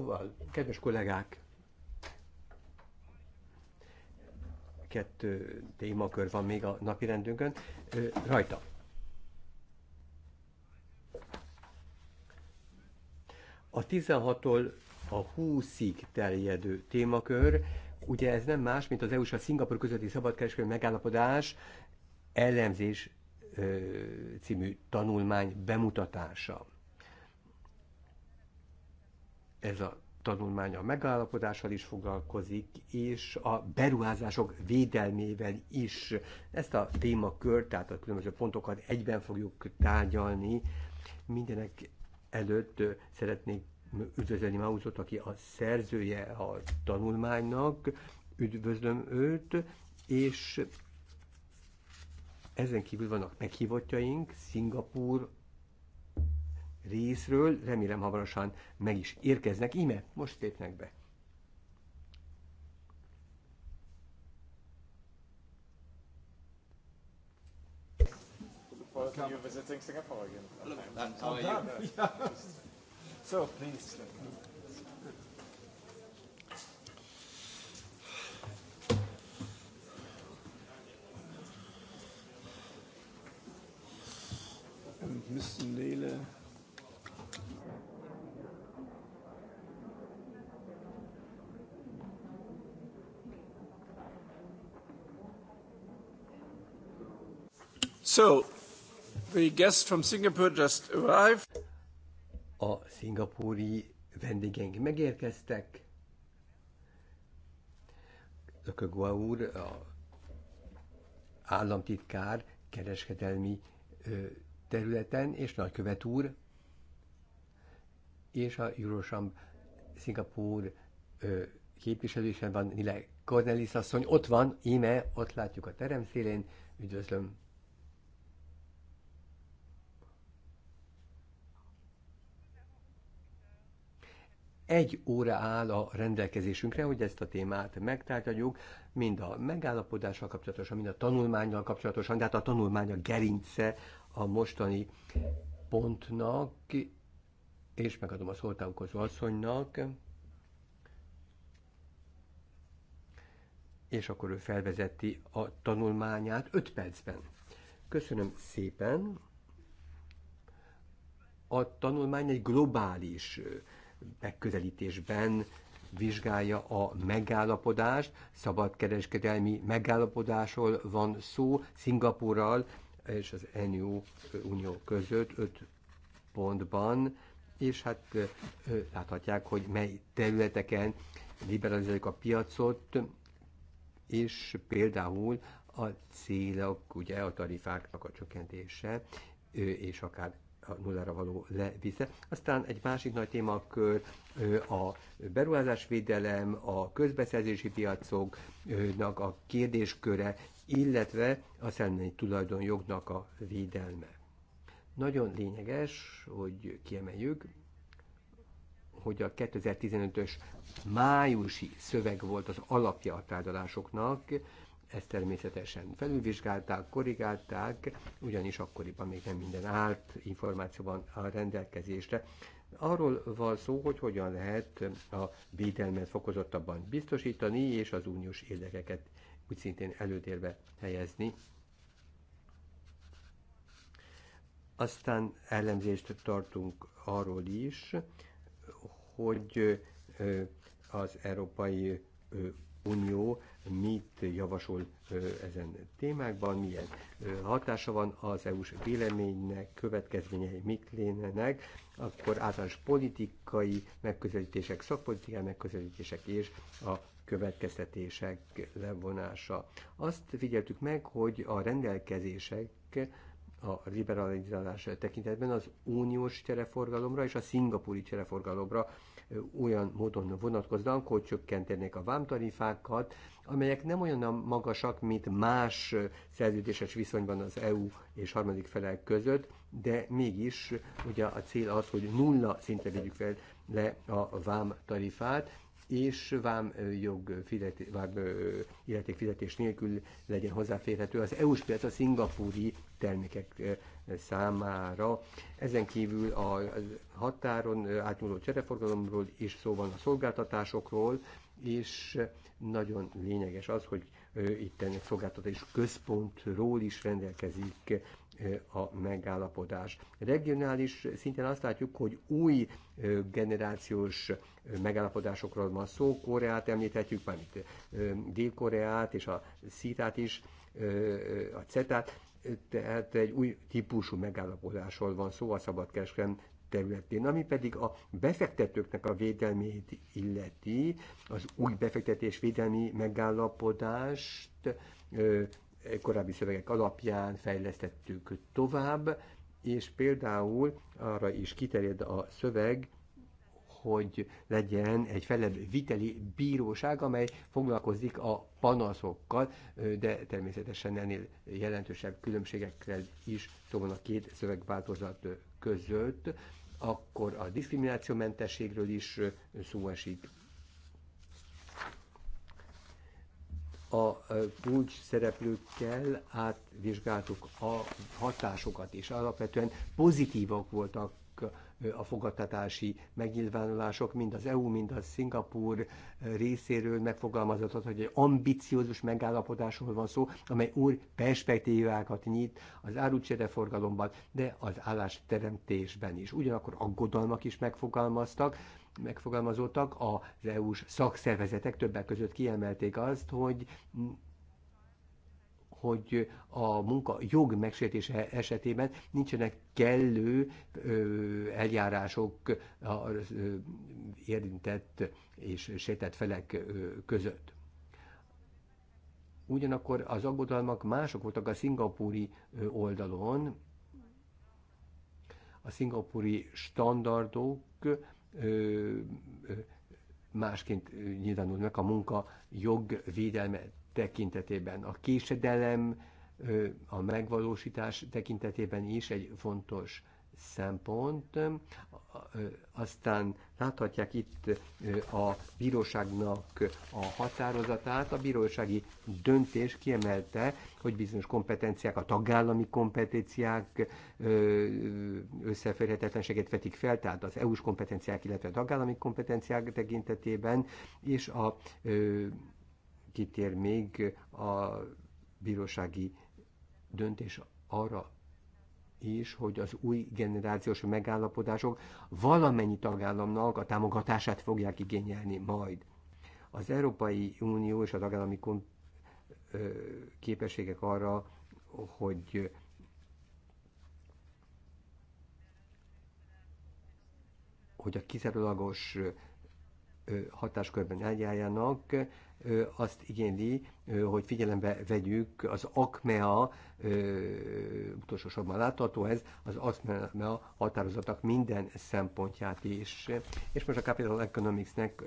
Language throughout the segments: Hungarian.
Szóval, kedves kollégák, kettő témakör van még a napi rendünkön. Rajta. A 16-tól a 20-ig terjedő témakör, ugye ez nem más, mint az EU s a Szingapur közötti szabadkereskedelmi megállapodás elemzés című tanulmány bemutatása. Ez a tanulmány a megállapodással is foglalkozik, és a beruházások védelmével is. Ezt a témakört, tehát a különböző pontokat egyben fogjuk tárgyalni. Mindenek előtt szeretnék üdvözölni Mauzot, aki a szerzője a tanulmánynak. Üdvözlöm őt, és ezen kívül vannak meghívottjaink, Szingapúr, részről, remélem hamarosan meg is érkeznek. Íme, most lépnek be. welcome. You're visiting Singapore again. Hello, How are you? Yeah. so, please. Mr. Lele. So, the from Singapore just arrived. A szingapúri vendégeink megérkeztek. Lökögua úr, a államtitkár kereskedelmi területen, és nagykövet úr, és a Eurosam Szingapúr képviselésen van Nile Cornelis asszony. Ott van, íme, ott látjuk a terem szélén. Üdvözlöm egy óra áll a rendelkezésünkre, hogy ezt a témát megtárgyaljuk, mind a megállapodással kapcsolatosan, mind a tanulmányjal kapcsolatosan, de hát a tanulmány a gerince a mostani pontnak, és megadom a szoltánkozó asszonynak, és akkor ő felvezeti a tanulmányát 5 percben. Köszönöm szépen! A tanulmány egy globális megközelítésben vizsgálja a megállapodást, szabadkereskedelmi megállapodásról van szó Szingapurral és az NU Unió között öt pontban, és hát láthatják, hogy mely területeken liberalizáljuk a piacot, és például a célok, ugye a tarifáknak a csökkentése, és akár nullára való levisze. Aztán egy másik nagy témakör a beruházásvédelem, a közbeszerzési piacoknak a kérdésköre, illetve a szellemi tulajdonjognak a védelme. Nagyon lényeges, hogy kiemeljük, hogy a 2015-ös májusi szöveg volt az alapja a tárgyalásoknak, ezt természetesen felülvizsgálták, korrigálták, ugyanis akkoriban még nem minden állt információban a rendelkezésre. Arról van szó, hogy hogyan lehet a védelmet fokozottabban biztosítani, és az uniós érdekeket úgy szintén előtérbe helyezni. Aztán ellenzést tartunk arról is, hogy az Európai Unió mit javasol ezen témákban, milyen hatása van az EU-s véleménynek, következményei mit lénenek, akkor általános politikai megközelítések, szakpolitikai megközelítések és a következtetések levonása. Azt figyeltük meg, hogy a rendelkezések a liberalizálás tekintetben az uniós csereforgalomra és a szingapúri csereforgalomra olyan módon vonatkoznak, hogy csökkentenék a vámtarifákat, amelyek nem olyan magasak, mint más szerződéses viszonyban az EU és harmadik felek között, de mégis ugye a cél az, hogy nulla szinte vegyük fel le a vámtarifát és vám jog fileti, vám illeték fizetés nélkül legyen hozzáférhető az EU-s piac a szingapúri termékek számára. Ezen kívül a határon átnyúló csereforgalomról is szó van a szolgáltatásokról, és nagyon lényeges az, hogy itt ennek szolgáltatás központról is rendelkezik a megállapodás. Regionális szinten azt látjuk, hogy új generációs megállapodásokról van szó. Koreát említhetjük, mármint Dél-Koreát és a szitát is, a CETát, tehát egy új típusú megállapodásról van szó a szabadkereskedelem területén, ami pedig a befektetőknek a védelmét illeti, az új befektetés védelmi megállapodást E, korábbi szövegek alapján fejlesztettük tovább, és például arra is kiterjed a szöveg, hogy legyen egy felebb viteli bíróság, amely foglalkozik a panaszokkal, de természetesen ennél jelentősebb különbségekkel is szóval a két szövegváltozat között, akkor a diszkriminációmentességről is szó esik a kulcs szereplőkkel átvizsgáltuk a hatásokat, és alapvetően pozitívak voltak a fogadtatási megnyilvánulások, mind az EU, mind a Szingapúr részéről megfogalmazott, hogy egy ambiciózus megállapodásról van szó, amely új perspektívákat nyit az árucsereforgalomban, de az állásteremtésben is. Ugyanakkor aggodalmak is megfogalmaztak, megfogalmazottak, az EU-s szakszervezetek többek között kiemelték azt, hogy hogy a munka jog megsértése esetében nincsenek kellő eljárások az érintett és sétett felek között. Ugyanakkor az aggodalmak mások voltak a szingapúri oldalon, a szingapúri standardok másként nyilvánul meg a munka jogvédelme tekintetében. A késedelem a megvalósítás tekintetében is egy fontos szempont. Aztán láthatják itt a bíróságnak a határozatát. A bírósági döntés kiemelte, hogy bizonyos kompetenciák, a tagállami kompetenciák összeférhetetlenséget vetik fel, tehát az EU-s kompetenciák, illetve a tagállami kompetenciák tekintetében, és a kitér még a bírósági döntés arra is, hogy az új generációs megállapodások valamennyi tagállamnak a támogatását fogják igényelni majd. Az Európai Unió és a tagállami képességek arra, hogy hogy a kizárólagos hatáskörben eljárjanak, azt igényli, hogy figyelembe vegyük az ACMEA, utolsó sorban látható ez, az ACMEA határozatnak minden szempontját is. És most a Capital Economics-nek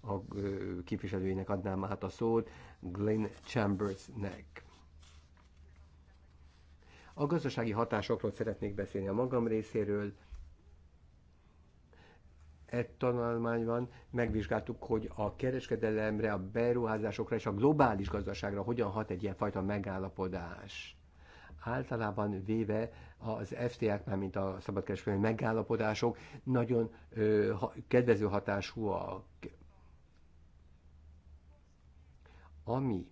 a képviselőjének adnám át a szót, Glenn Chambersnek. A gazdasági hatásokról szeretnék beszélni a magam részéről, tanulmány van, megvizsgáltuk, hogy a kereskedelemre, a beruházásokra és a globális gazdaságra hogyan hat egy ilyenfajta megállapodás. Általában véve az FTA-k, már mint a szabadkereskedelmi megállapodások nagyon ö, ha, kedvező hatásúak. Ami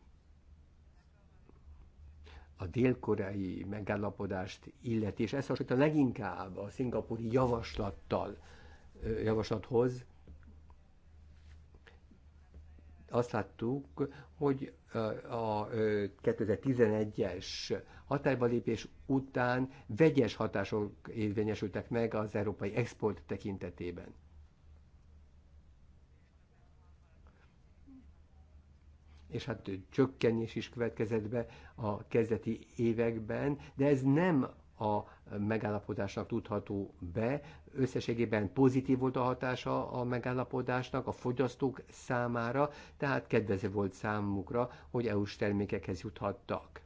a dél-koreai megállapodást illeti, és ezt hasonlít a leginkább a szingapúri javaslattal, javaslathoz, azt láttuk, hogy a 2011-es hatályba lépés után vegyes hatások érvényesültek meg az európai export tekintetében. és hát csökkenés is következett be a kezdeti években, de ez nem a megállapodásnak tudható be. Összességében pozitív volt a hatása a megállapodásnak a fogyasztók számára, tehát kedvező volt számukra, hogy EU-s termékekhez juthattak.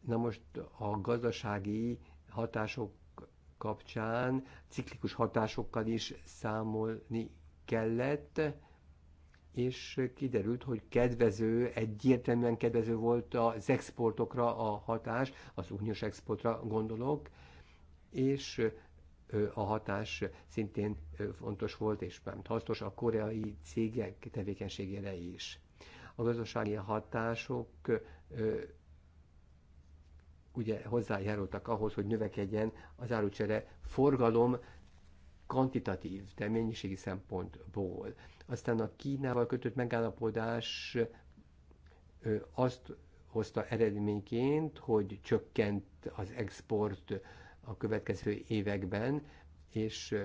Na most a gazdasági hatások kapcsán ciklikus hatásokkal is számolni kellett és kiderült, hogy kedvező, egyértelműen kedvező volt az exportokra a hatás, az uniós exportra gondolok, és a hatás szintén fontos volt, és nem hasznos a koreai cégek tevékenységére is. A gazdasági hatások ugye hozzájárultak ahhoz, hogy növekedjen az árucsere forgalom kvantitatív, de mennyiségi szempontból. Aztán a Kínával kötött megállapodás azt hozta eredményként, hogy csökkent az export a következő években, és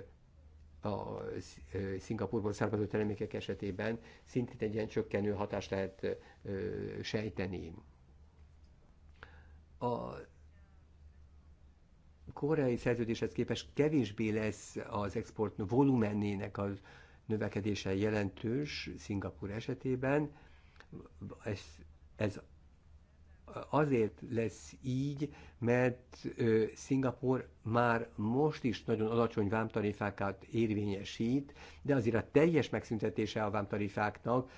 a Szingapurból származó termékek esetében szintén egy ilyen csökkenő hatást lehet sejteni. A koreai szerződéshez képest kevésbé lesz az export volumenének a növekedése jelentős Szingapur esetében. Ez, ez azért lesz így, mert Szingapur már most is nagyon alacsony vámtarifákat érvényesít, de azért a teljes megszüntetése a vámtarifáknak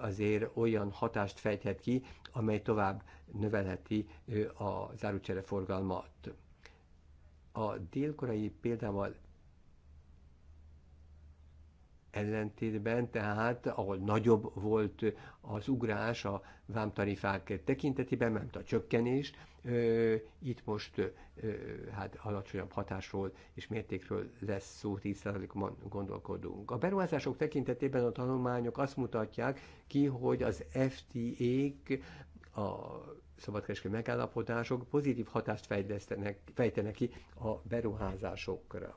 azért olyan hatást fejthet ki, amely tovább növelheti a az forgalmat a délkorai példával ellentétben, tehát ahol nagyobb volt az ugrás a vámtarifák tekintetében, mert a csökkenés, itt most hát alacsonyabb hatásról és mértékről lesz szó, 10%-ban gondolkodunk. A beruházások tekintetében a tanulmányok azt mutatják ki, hogy az FTA-k a szabadkereskedő megállapodások pozitív hatást fejtenek ki a beruházásokra.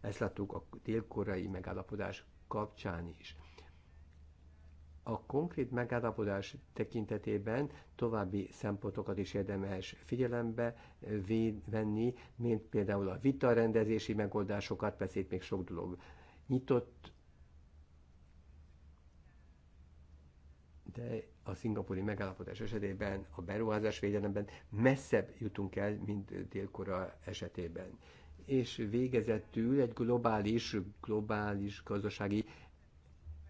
Ezt láttuk a délkorai megállapodás kapcsán is. A konkrét megállapodás tekintetében további szempontokat is érdemes figyelembe venni, mint például a vitarendezési megoldásokat, persze itt még sok dolog nyitott de a szingapúri megállapodás esetében, a beruházás védelemben messzebb jutunk el, mint délkora esetében. És végezetül egy globális, globális gazdasági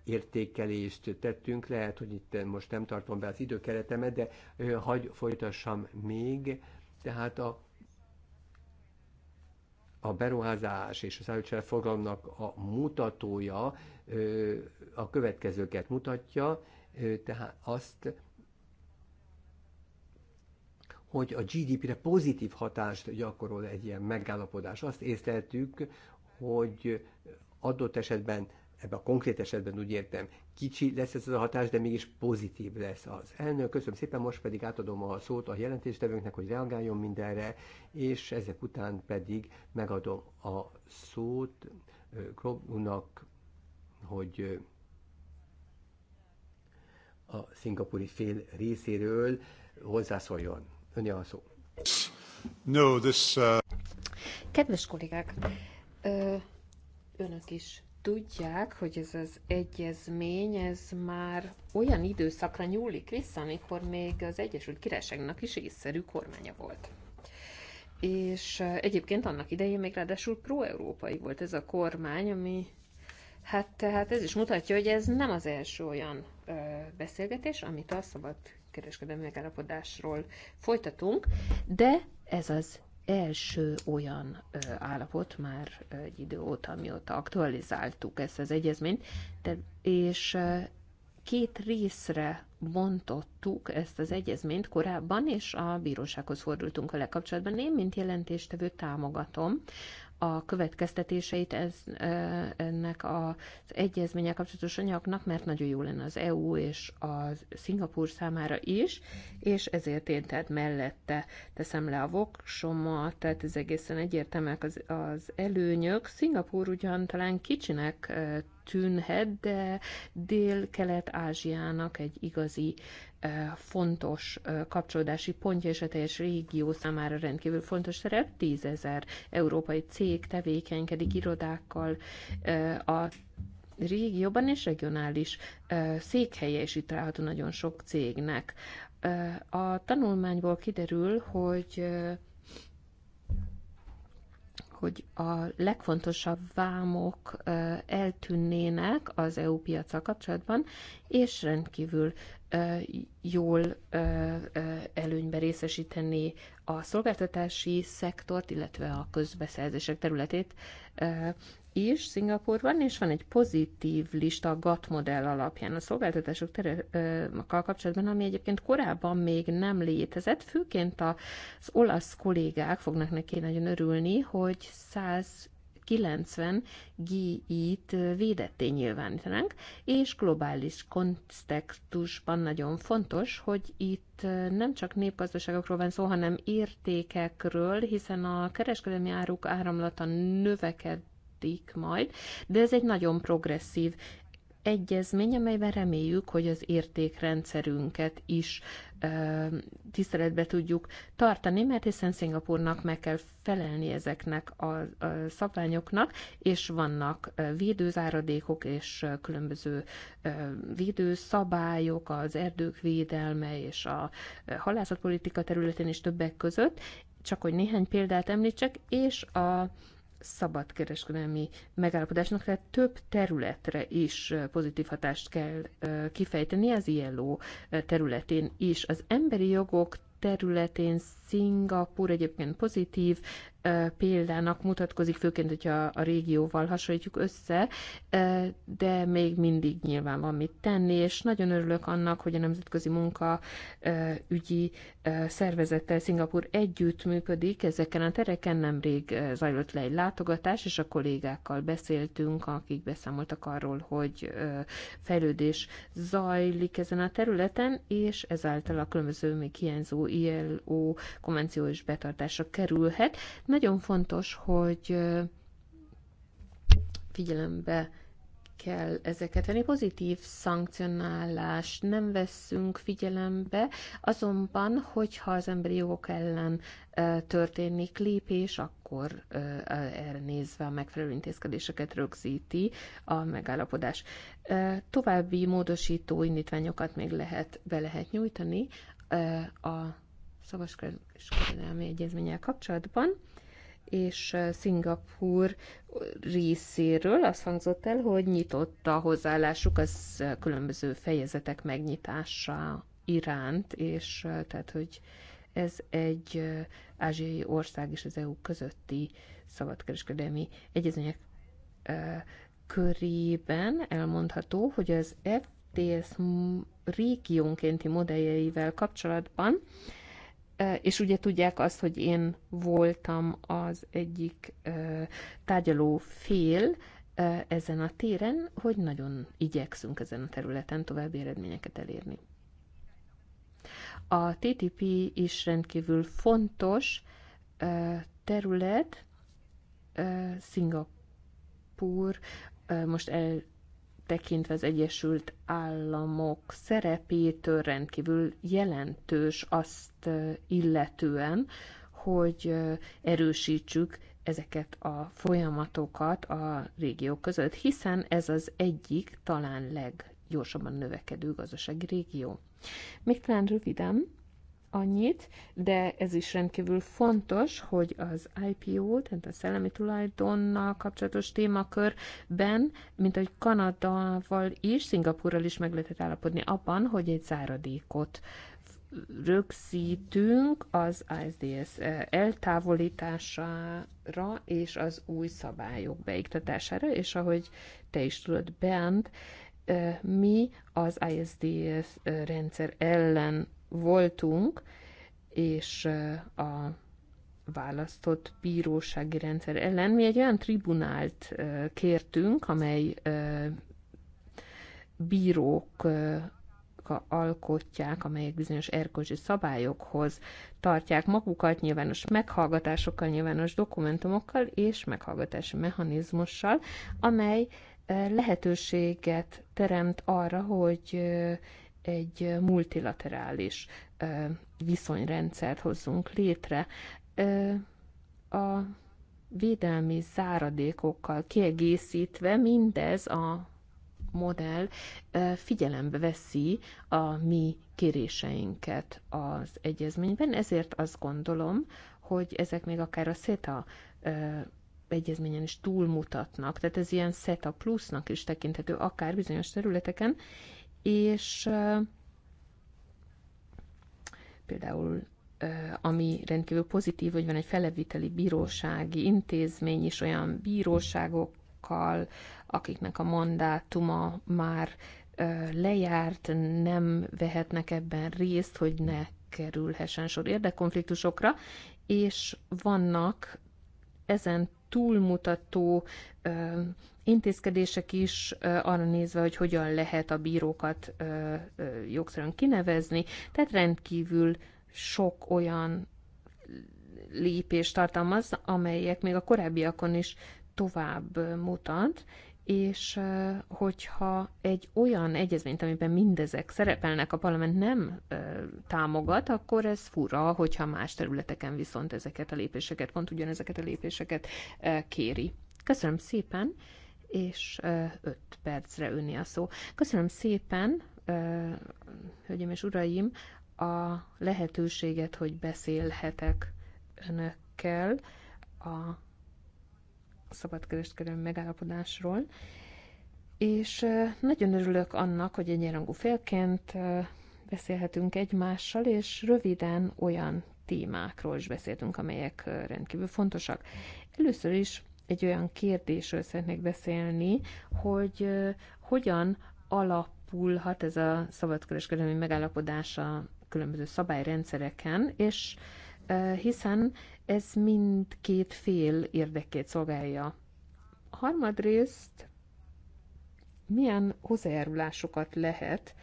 értékelést tettünk, lehet, hogy itt most nem tartom be az időkeretemet, de hagy folytassam még, tehát a a beruházás és a szállítás a mutatója a következőket mutatja tehát azt, hogy a GDP-re pozitív hatást gyakorol egy ilyen megállapodás. Azt észleltük, hogy adott esetben, ebben a konkrét esetben úgy értem, kicsi lesz ez a hatás, de mégis pozitív lesz az. Elnök, köszönöm szépen, most pedig átadom a szót a jelentéstevőnknek, hogy reagáljon mindenre, és ezek után pedig megadom a szót Krobnak, hogy a szingapúri fél részéről hozzászóljon. Önje a szó. No, this, uh... Kedves kollégák, ö, önök is tudják, hogy ez az egyezmény, ez már olyan időszakra nyúlik vissza, amikor még az Egyesült Királyságnak is észszerű kormánya volt. És egyébként annak idején még ráadásul pro-európai volt ez a kormány, ami Hát tehát ez is mutatja, hogy ez nem az első olyan ö, beszélgetés, amit a szabad kereskedelmi megállapodásról folytatunk, de ez az első olyan ö, állapot már egy idő óta, mióta aktualizáltuk ezt az egyezményt, de, és ö, két részre bontottuk ezt az egyezményt korábban, és a bírósághoz fordultunk a kapcsolatban. Én, mint jelentéstevő támogatom a következtetéseit ez, ennek az egyezmények kapcsolatos anyagnak, mert nagyon jó lenne az EU és a Szingapúr számára is, és ezért én tehát mellette teszem le a voksomat, tehát ez egészen egyértelműek az, az előnyök. Szingapúr ugyan talán kicsinek tűnhet, de Dél-Kelet-Ázsiának egy igazi eh, fontos eh, kapcsolódási pontja, és a teljes régió számára rendkívül fontos szerep. Tízezer európai cég tevékenykedik irodákkal eh, a régióban és regionális székhelye is itt található nagyon sok cégnek. A tanulmányból kiderül, hogy hogy a legfontosabb vámok eltűnnének az EU piacsal kapcsolatban, és rendkívül jól előnybe részesíteni a szolgáltatási szektort, illetve a közbeszerzések területét is Szingapurban, és van egy pozitív lista a GATT modell alapján a szolgáltatások terekkal kapcsolatban, ami egyébként korábban még nem létezett. Főként az olasz kollégák fognak neki nagyon örülni, hogy 100 90 GI-t védetté nyilvánítanánk, és globális kontextusban nagyon fontos, hogy itt nem csak népgazdaságokról van szó, hanem értékekről, hiszen a kereskedelmi áruk áramlata növekedett kezdik majd, de ez egy nagyon progresszív egyezmény, amelyben reméljük, hogy az értékrendszerünket is ö, tiszteletbe tudjuk tartani, mert hiszen Szingapurnak meg kell felelni ezeknek a, a szabványoknak, és vannak védőzáradékok és különböző ö, védőszabályok az erdők védelme és a halászatpolitika területén is többek között, csak hogy néhány példát említsek, és a szabadkereskedelmi megállapodásnak, tehát több területre is pozitív hatást kell kifejteni az ILO területén is. Az emberi jogok területén Szingapúr egyébként pozitív példának mutatkozik, főként, hogyha a régióval hasonlítjuk össze, de még mindig nyilván van mit tenni, és nagyon örülök annak, hogy a Nemzetközi Munka ügyi szervezettel Szingapur együttműködik ezeken a tereken. Nemrég zajlott le egy látogatás, és a kollégákkal beszéltünk, akik beszámoltak arról, hogy fejlődés zajlik ezen a területen, és ezáltal a különböző még hiányzó ILO konvenció is betartásra kerülhet. Nagyon fontos, hogy figyelembe kell ezeket venni. Pozitív szankcionálást nem veszünk figyelembe, azonban, hogyha az emberi jogok ellen történik lépés, akkor erre nézve a megfelelő intézkedéseket rögzíti a megállapodás. További módosító indítványokat még lehet, be lehet nyújtani a szabadkereskedelmi egyezménnyel kapcsolatban, és Szingapúr részéről azt hangzott el, hogy nyitott a hozzáállásuk az különböző fejezetek megnyitása iránt, és tehát, hogy ez egy ázsiai ország és az EU közötti szabadkereskedelmi egyezmények körében elmondható, hogy az FTS e régiónkénti modelljeivel kapcsolatban és ugye tudják azt, hogy én voltam az egyik tárgyaló fél ezen a téren, hogy nagyon igyekszünk ezen a területen további eredményeket elérni. A TTP is rendkívül fontos terület, Szingapúr most el tekintve az Egyesült Államok szerepétől rendkívül jelentős azt illetően, hogy erősítsük ezeket a folyamatokat a régió között, hiszen ez az egyik talán leggyorsabban növekedő gazdasági régió. Még talán röviden annyit, de ez is rendkívül fontos, hogy az IPO, tehát a szellemi tulajdonnal kapcsolatos témakörben, mint ahogy Kanadával is, Szingapurral is meg lehetett állapodni abban, hogy egy záradékot rögzítünk az ISDS eltávolítására és az új szabályok beiktatására, és ahogy te is tudod, Bent, mi az ISDS rendszer ellen voltunk, és eh, a választott bírósági rendszer ellen mi egy olyan tribunált eh, kértünk, amely eh, bírók alkotják, amelyek bizonyos erkölcsi szabályokhoz tartják magukat nyilvános meghallgatásokkal, nyilvános dokumentumokkal és meghallgatási mechanizmussal, amely lehetőséget teremt arra, hogy egy multilaterális viszonyrendszert hozzunk létre. A védelmi záradékokkal kiegészítve mindez a modell figyelembe veszi a mi kéréseinket az egyezményben, ezért azt gondolom, hogy ezek még akár a SETA egyezményen is túlmutatnak, tehát ez ilyen SETA plusznak is tekinthető akár bizonyos területeken, és például ami rendkívül pozitív, hogy van egy feleviteli bírósági intézmény is, olyan bíróságokkal, akiknek a mandátuma már lejárt, nem vehetnek ebben részt, hogy ne kerülhessen sor érdekkonfliktusokra, és vannak ezen túlmutató intézkedések is arra nézve, hogy hogyan lehet a bírókat jogszerűen kinevezni, tehát rendkívül sok olyan lépés tartalmaz, amelyek még a korábbiakon is tovább mutat, és hogyha egy olyan egyezményt, amiben mindezek szerepelnek, a parlament nem támogat, akkor ez fura, hogyha más területeken viszont ezeket a lépéseket, pont ugyanezeket a lépéseket kéri. Köszönöm szépen! és 5 percre önni a szó. Köszönöm szépen, hölgyeim és uraim, a lehetőséget, hogy beszélhetek önökkel a szabadkereskedelmi megállapodásról, és nagyon örülök annak, hogy egyenrangú félként beszélhetünk egymással, és röviden olyan témákról is beszéltünk, amelyek rendkívül fontosak. Először is egy olyan kérdésről szeretnék beszélni, hogy hogyan alapulhat ez a szabadkereskedelmi megállapodás a különböző szabályrendszereken, és hiszen ez mindkét fél érdekét szolgálja. harmadrészt milyen hozzájárulásokat lehet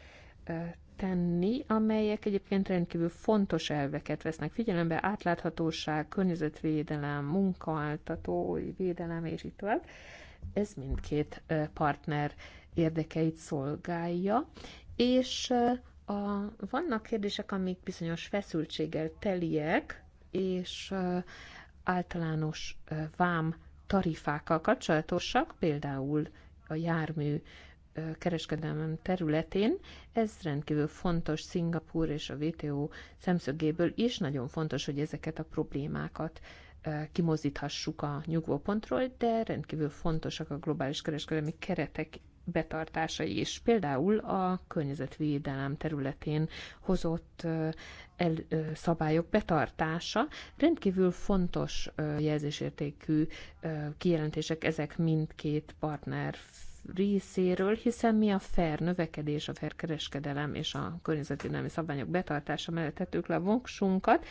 tenni, amelyek egyébként rendkívül fontos elveket vesznek figyelembe, átláthatóság, környezetvédelem, munkaáltatói védelem, és így tovább. Ez mindkét partner érdekeit szolgálja, és a, vannak kérdések, amik bizonyos feszültséggel teliek, és általános vám tarifákkal kapcsolatosak, például a jármű kereskedelmem területén. Ez rendkívül fontos Szingapúr és a WTO szemszögéből is. Nagyon fontos, hogy ezeket a problémákat kimozíthassuk a nyugvópontról, de rendkívül fontosak a globális kereskedelmi keretek betartásai is. Például a környezetvédelem területén hozott el, szabályok betartása rendkívül fontos jelzésértékű kijelentések ezek mindkét partner részéről, hiszen mi a fair növekedés, a fair kereskedelem és a környezetvédelmi szabványok betartása mellett tettük le a voksunkat,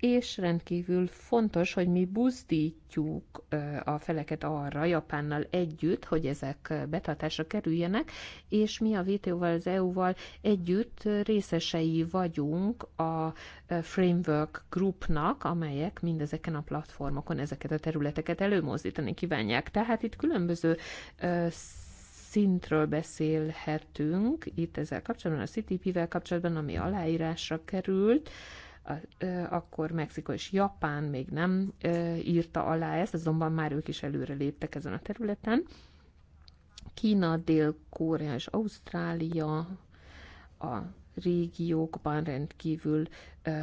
és rendkívül fontos, hogy mi buzdítjuk a feleket arra Japánnal együtt, hogy ezek betartásra kerüljenek, és mi a vto val az EU-val együtt részesei vagyunk a Framework Groupnak, amelyek mindezeken a platformokon ezeket a területeket előmozdítani kívánják. Tehát itt különböző szintről beszélhetünk itt ezzel kapcsolatban, a CTP-vel kapcsolatban, ami aláírásra került, akkor Mexiko és Japán még nem írta alá ezt, azonban már ők is előre léptek ezen a területen. Kína, Dél-Korea és Ausztrália a régiókban rendkívül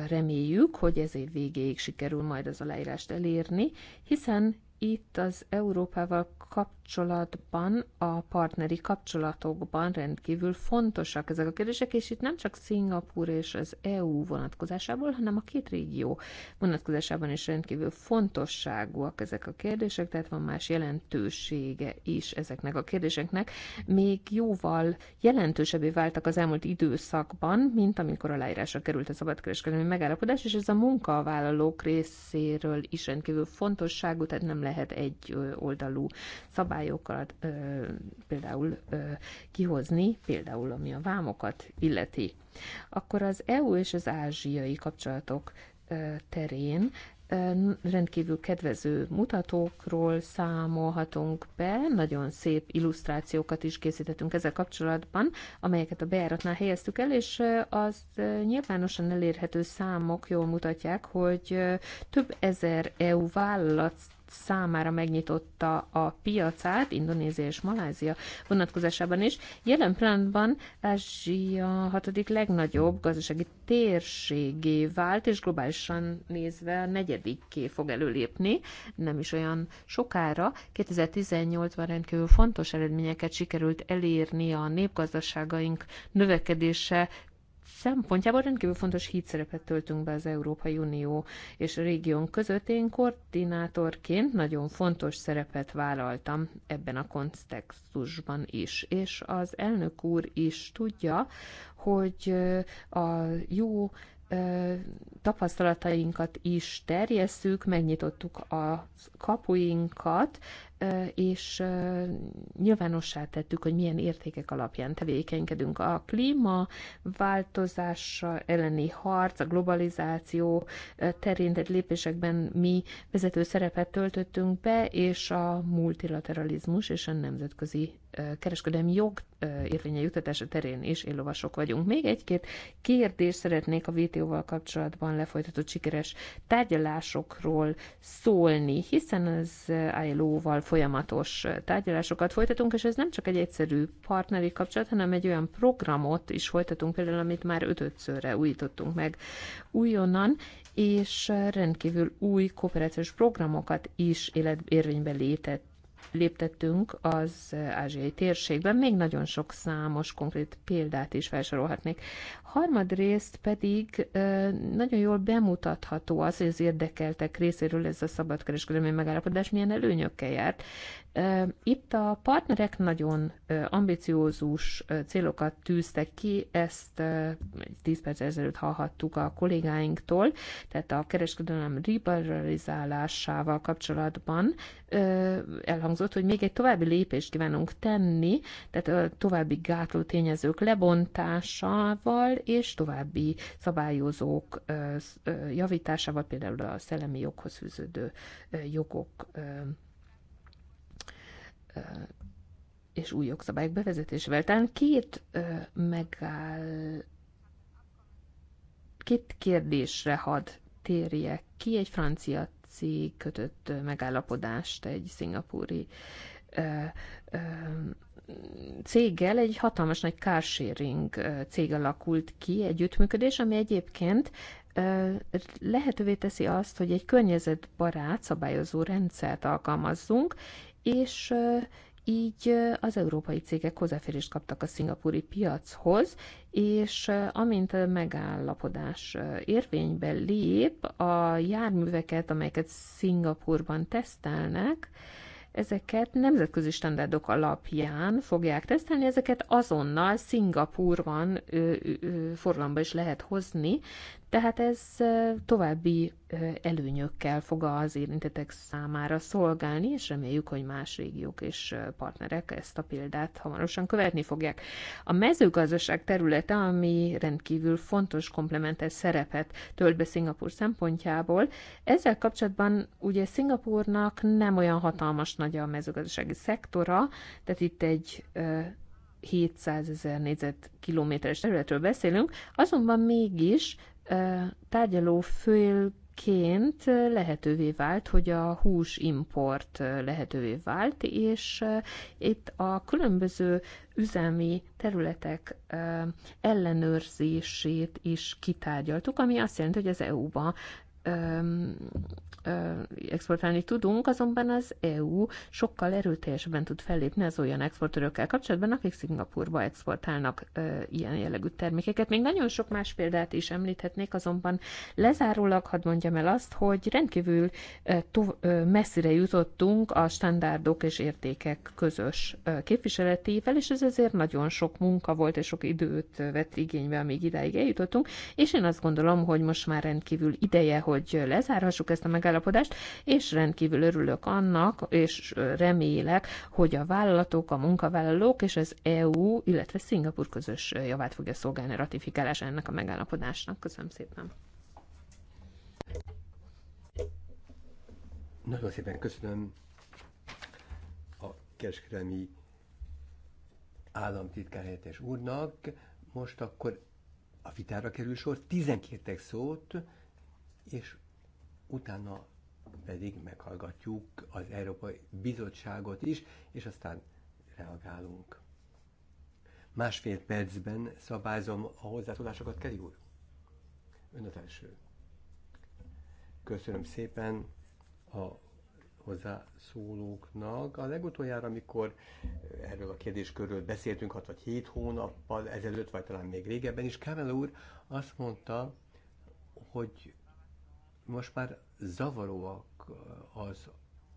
reméljük, hogy ez év végéig sikerül majd az aláírást elérni, hiszen itt az Európával kapcsolatban, a partneri kapcsolatokban rendkívül fontosak ezek a kérdések, és itt nem csak Szingapur és az EU vonatkozásából, hanem a két régió vonatkozásában is rendkívül fontosságúak ezek a kérdések, tehát van más jelentősége is ezeknek a kérdéseknek. Még jóval jelentősebbé váltak az elmúlt időszakban, mint amikor aláírásra került a szabadkereskedelmi megállapodás, és ez a munkavállalók részéről is rendkívül fontosságú, tehát nem lehet lehet egy oldalú szabályokat például kihozni, például ami a vámokat illeti. Akkor az EU és az ázsiai kapcsolatok terén rendkívül kedvező mutatókról számolhatunk be, nagyon szép illusztrációkat is készítettünk ezzel kapcsolatban, amelyeket a bejáratnál helyeztük el, és az nyilvánosan elérhető számok jól mutatják, hogy több ezer EU vállalat számára megnyitotta a piacát, Indonézia és Malázia vonatkozásában is. Jelen pillanatban Ázsia hatodik legnagyobb gazdasági térségé vált, és globálisan nézve a negyedikké fog előlépni, nem is olyan sokára. 2018-ban rendkívül fontos eredményeket sikerült elérni a népgazdaságaink növekedése szempontjából rendkívül fontos hídszerepet töltünk be az Európai Unió és a régión között. Én koordinátorként nagyon fontos szerepet vállaltam ebben a kontextusban is, és az elnök úr is tudja, hogy a jó tapasztalatainkat is terjesszük, megnyitottuk a kapuinkat és nyilvánossá tettük, hogy milyen értékek alapján tevékenykedünk. A klímaváltozása elleni harc, a globalizáció terén tett lépésekben mi vezető szerepet töltöttünk be, és a multilateralizmus és a nemzetközi kereskedelmi jog érvénye jutatása terén is élovasok vagyunk. Még egy-két kérdést szeretnék a VTO-val kapcsolatban lefolytatott sikeres tárgyalásokról szólni, hiszen az ILO-val folyamatos tárgyalásokat folytatunk, és ez nem csak egy egyszerű partneri kapcsolat, hanem egy olyan programot is folytatunk, például amit már ötödszörre újítottunk meg újonnan, és rendkívül új kooperációs programokat is élet, érvénybe lépett, léptettünk az ázsiai térségben. Még nagyon sok számos konkrét példát is felsorolhatnék. Harmadrészt pedig nagyon jól bemutatható az, hogy az érdekeltek részéről ez a szabadkereskedelmi megállapodás milyen előnyökkel járt, itt a partnerek nagyon ambiciózus célokat tűztek ki, ezt 10 perc ezelőtt hallhattuk a kollégáinktól, tehát a kereskedelem liberalizálásával kapcsolatban elhangzott, hogy még egy további lépést kívánunk tenni, tehát a további gátló tényezők lebontásával és további szabályozók javításával, például a szellemi joghoz fűződő jogok és új jogszabályok bevezetésével. Talán két megáll, két kérdésre had térjek ki. Egy francia cég kötött megállapodást egy szingapúri céggel egy hatalmas nagy carsharing cég alakult ki együttműködés, ami egyébként lehetővé teszi azt, hogy egy környezetbarát szabályozó rendszert alkalmazzunk, és így az európai cégek hozzáférést kaptak a szingapúri piachoz, és amint a megállapodás érvénybe lép, a járműveket, amelyeket Szingapurban tesztelnek, ezeket nemzetközi standardok alapján fogják tesztelni, ezeket azonnal Szingapurban forgalomba is lehet hozni, tehát ez további előnyökkel fog az érintetek számára szolgálni, és reméljük, hogy más régiók és partnerek ezt a példát hamarosan követni fogják. A mezőgazdaság területe, ami rendkívül fontos komplementes szerepet tölt be Szingapur szempontjából, ezzel kapcsolatban ugye Szingapurnak nem olyan hatalmas nagy a mezőgazdasági szektora, tehát itt egy 700 ezer négyzetkilométeres területről beszélünk, azonban mégis tárgyaló ként lehetővé vált, hogy a hús import lehetővé vált, és itt a különböző üzemi területek ellenőrzését is kitárgyaltuk, ami azt jelenti, hogy az eu ban exportálni tudunk, azonban az EU sokkal erőteljesebben tud fellépni az olyan exportőrökkel kapcsolatban, akik Szingapurba exportálnak ilyen jellegű termékeket. Még nagyon sok más példát is említhetnék, azonban lezárólag hadd mondjam el azt, hogy rendkívül messzire jutottunk a standardok és értékek közös képviseletével, és ez ezért nagyon sok munka volt, és sok időt vett igénybe, amíg idáig eljutottunk, és én azt gondolom, hogy most már rendkívül ideje, hogy lezárhassuk ezt a megállapodást, megállapodást, és rendkívül örülök annak, és remélek, hogy a vállalatok, a munkavállalók és az EU, illetve Szingapur közös javát fogja szolgálni a ratifikálás ennek a megállapodásnak. Köszönöm szépen! Nagyon szépen köszönöm a kereskedelmi államtitkár helyettes úrnak. Most akkor a vitára kerül sor, 12 szót, és utána pedig meghallgatjuk az Európai Bizottságot is, és aztán reagálunk. Másfél percben szabályzom a hozzászólásokat, Keri úr. Ön az első. Köszönöm szépen a hozzászólóknak. A legutoljára, amikor erről a kérdéskörről beszéltünk, 6 vagy 7 hónappal ezelőtt, vagy talán még régebben is, Kámel úr azt mondta, hogy most már zavaróak az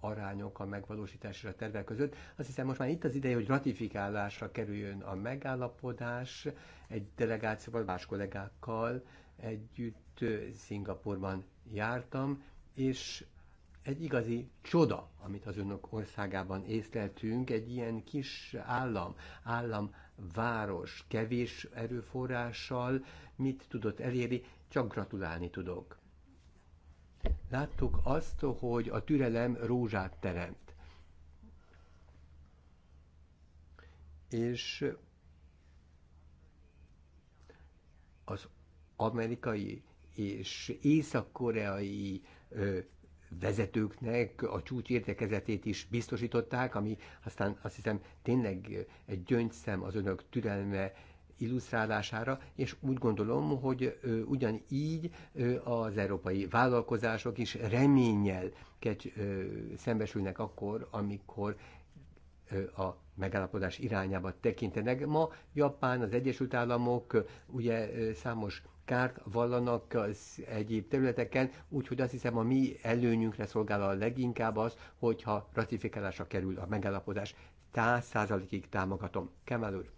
arányok a megvalósításra a tervek között. Azt hiszem most már itt az ideje, hogy ratifikálásra kerüljön a megállapodás egy delegációval, más kollégákkal együtt Szingapurban jártam, és egy igazi csoda, amit az önök országában észleltünk, egy ilyen kis állam, állam város, kevés erőforrással mit tudott elérni, csak gratulálni tudok. Láttuk azt, hogy a türelem rózsát teremt. És az amerikai és észak-koreai vezetőknek a csúcs értekezetét is biztosították, ami aztán azt hiszem tényleg egy gyöngyszem az önök türelme illusztrálására, és úgy gondolom, hogy ugyanígy az európai vállalkozások is reményel szembesülnek akkor, amikor a megállapodás irányába tekintenek. Ma Japán, az Egyesült Államok ugye számos kárt vallanak az egyéb területeken, úgyhogy azt hiszem a mi előnyünkre szolgál a leginkább az, hogyha ratifikálásra kerül a megállapodás. Száz százalékig támogatom. Kemal úr.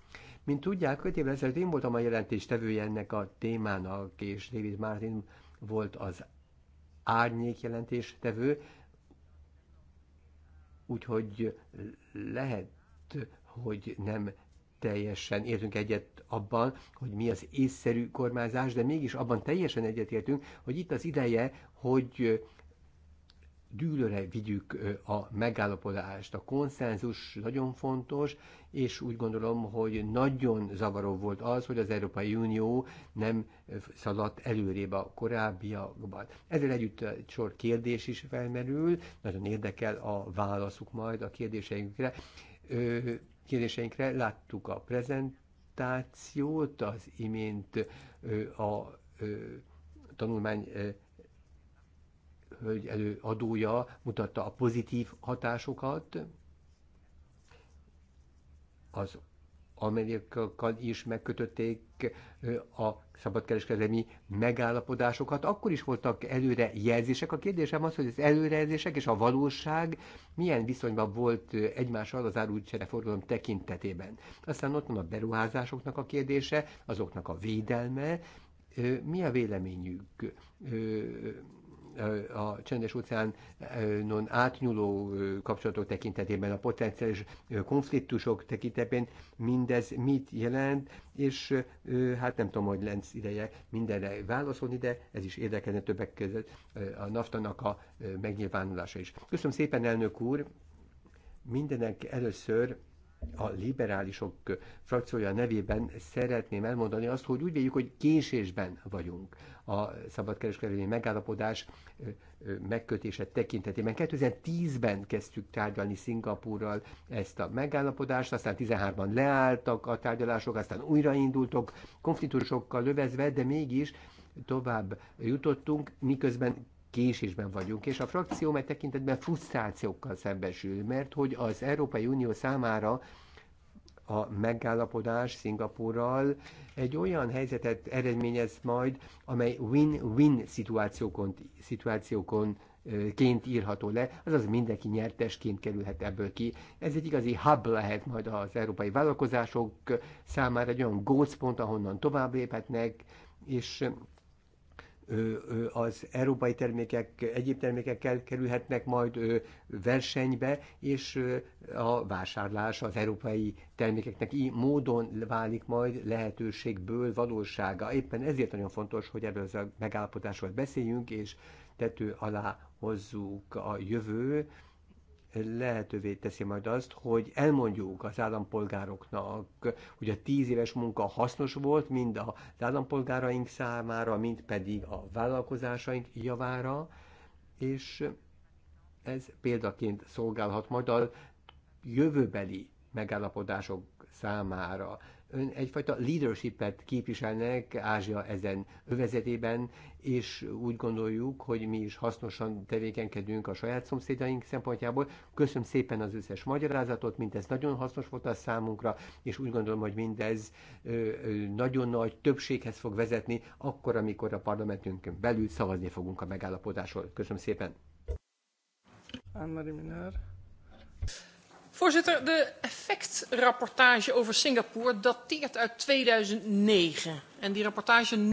Mint tudják, öt évvel ezelőtt én voltam a jelentéstevője ennek a témának, és David Martin volt az árnyék jelentéstevő, úgyhogy lehet, hogy nem teljesen értünk egyet abban, hogy mi az észszerű kormányzás, de mégis abban teljesen egyetértünk, hogy itt az ideje, hogy dűlőre vigyük a megállapodást. A konszenzus nagyon fontos, és úgy gondolom, hogy nagyon zavaró volt az, hogy az Európai Unió nem szaladt előrébb a korábbiakban. Ezzel együtt egy sor kérdés is felmerül, nagyon érdekel a válaszuk majd a kérdéseinkre. Kérdéseinkre láttuk a prezentációt, az imént a tanulmány hölgy előadója mutatta a pozitív hatásokat, az amerikakkal is megkötötték a szabadkereskedelmi megállapodásokat. Akkor is voltak előre jelzések. A kérdésem az, hogy az előrejelzések és a valóság milyen viszonyban volt egymással az árulcsereforgalom tekintetében. Aztán ott van a beruházásoknak a kérdése, azoknak a védelme. Mi a véleményük? a csendes óceánon átnyúló kapcsolatok tekintetében, a potenciális konfliktusok tekintetében mindez mit jelent, és hát nem tudom, hogy lenz ideje mindenre válaszolni, de ez is érdekelne többek között a naftanak a megnyilvánulása is. Köszönöm szépen, elnök úr! Mindenek először a liberálisok frakciója nevében szeretném elmondani azt, hogy úgy véljük, hogy késésben vagyunk a szabadkereskedelmi megállapodás megkötése tekintetében. 2010-ben kezdtük tárgyalni Szingapúrral ezt a megállapodást, aztán 13-ban leálltak a tárgyalások, aztán újraindultok, konfliktusokkal lövezve, de mégis tovább jutottunk, miközben késésben vagyunk, és a frakció meg tekintetben frusztrációkkal szembesül, mert hogy az Európai Unió számára a megállapodás Szingapurral egy olyan helyzetet eredményez majd, amely win-win szituációkon, szituációkon ként írható le, azaz mindenki nyertesként kerülhet ebből ki. Ez egy igazi hub lehet majd az európai vállalkozások számára, egy olyan gócpont, ahonnan tovább léphetnek, és az európai termékek, egyéb termékekkel kerülhetnek majd versenybe, és a vásárlás az európai termékeknek így módon válik majd lehetőségből valósága. Éppen ezért nagyon fontos, hogy erről a megállapodásról beszéljünk, és tető alá hozzuk a jövő lehetővé teszi majd azt, hogy elmondjuk az állampolgároknak, hogy a tíz éves munka hasznos volt, mind az állampolgáraink számára, mind pedig a vállalkozásaink javára, és ez példaként szolgálhat majd a jövőbeli megállapodások számára ön egyfajta leadershipet képviselnek Ázsia ezen övezetében, és úgy gondoljuk, hogy mi is hasznosan tevékenykedünk a saját szomszédaink szempontjából. Köszönöm szépen az összes magyarázatot, mindez nagyon hasznos volt a számunkra, és úgy gondolom, hogy mindez nagyon nagy többséghez fog vezetni, akkor, amikor a parlamentünk belül szavazni fogunk a megállapodásról. Köszönöm szépen! Anna Riminár. Voorzitter, de effectrapportage over Singapore dateert uit 2009. En die rapportage...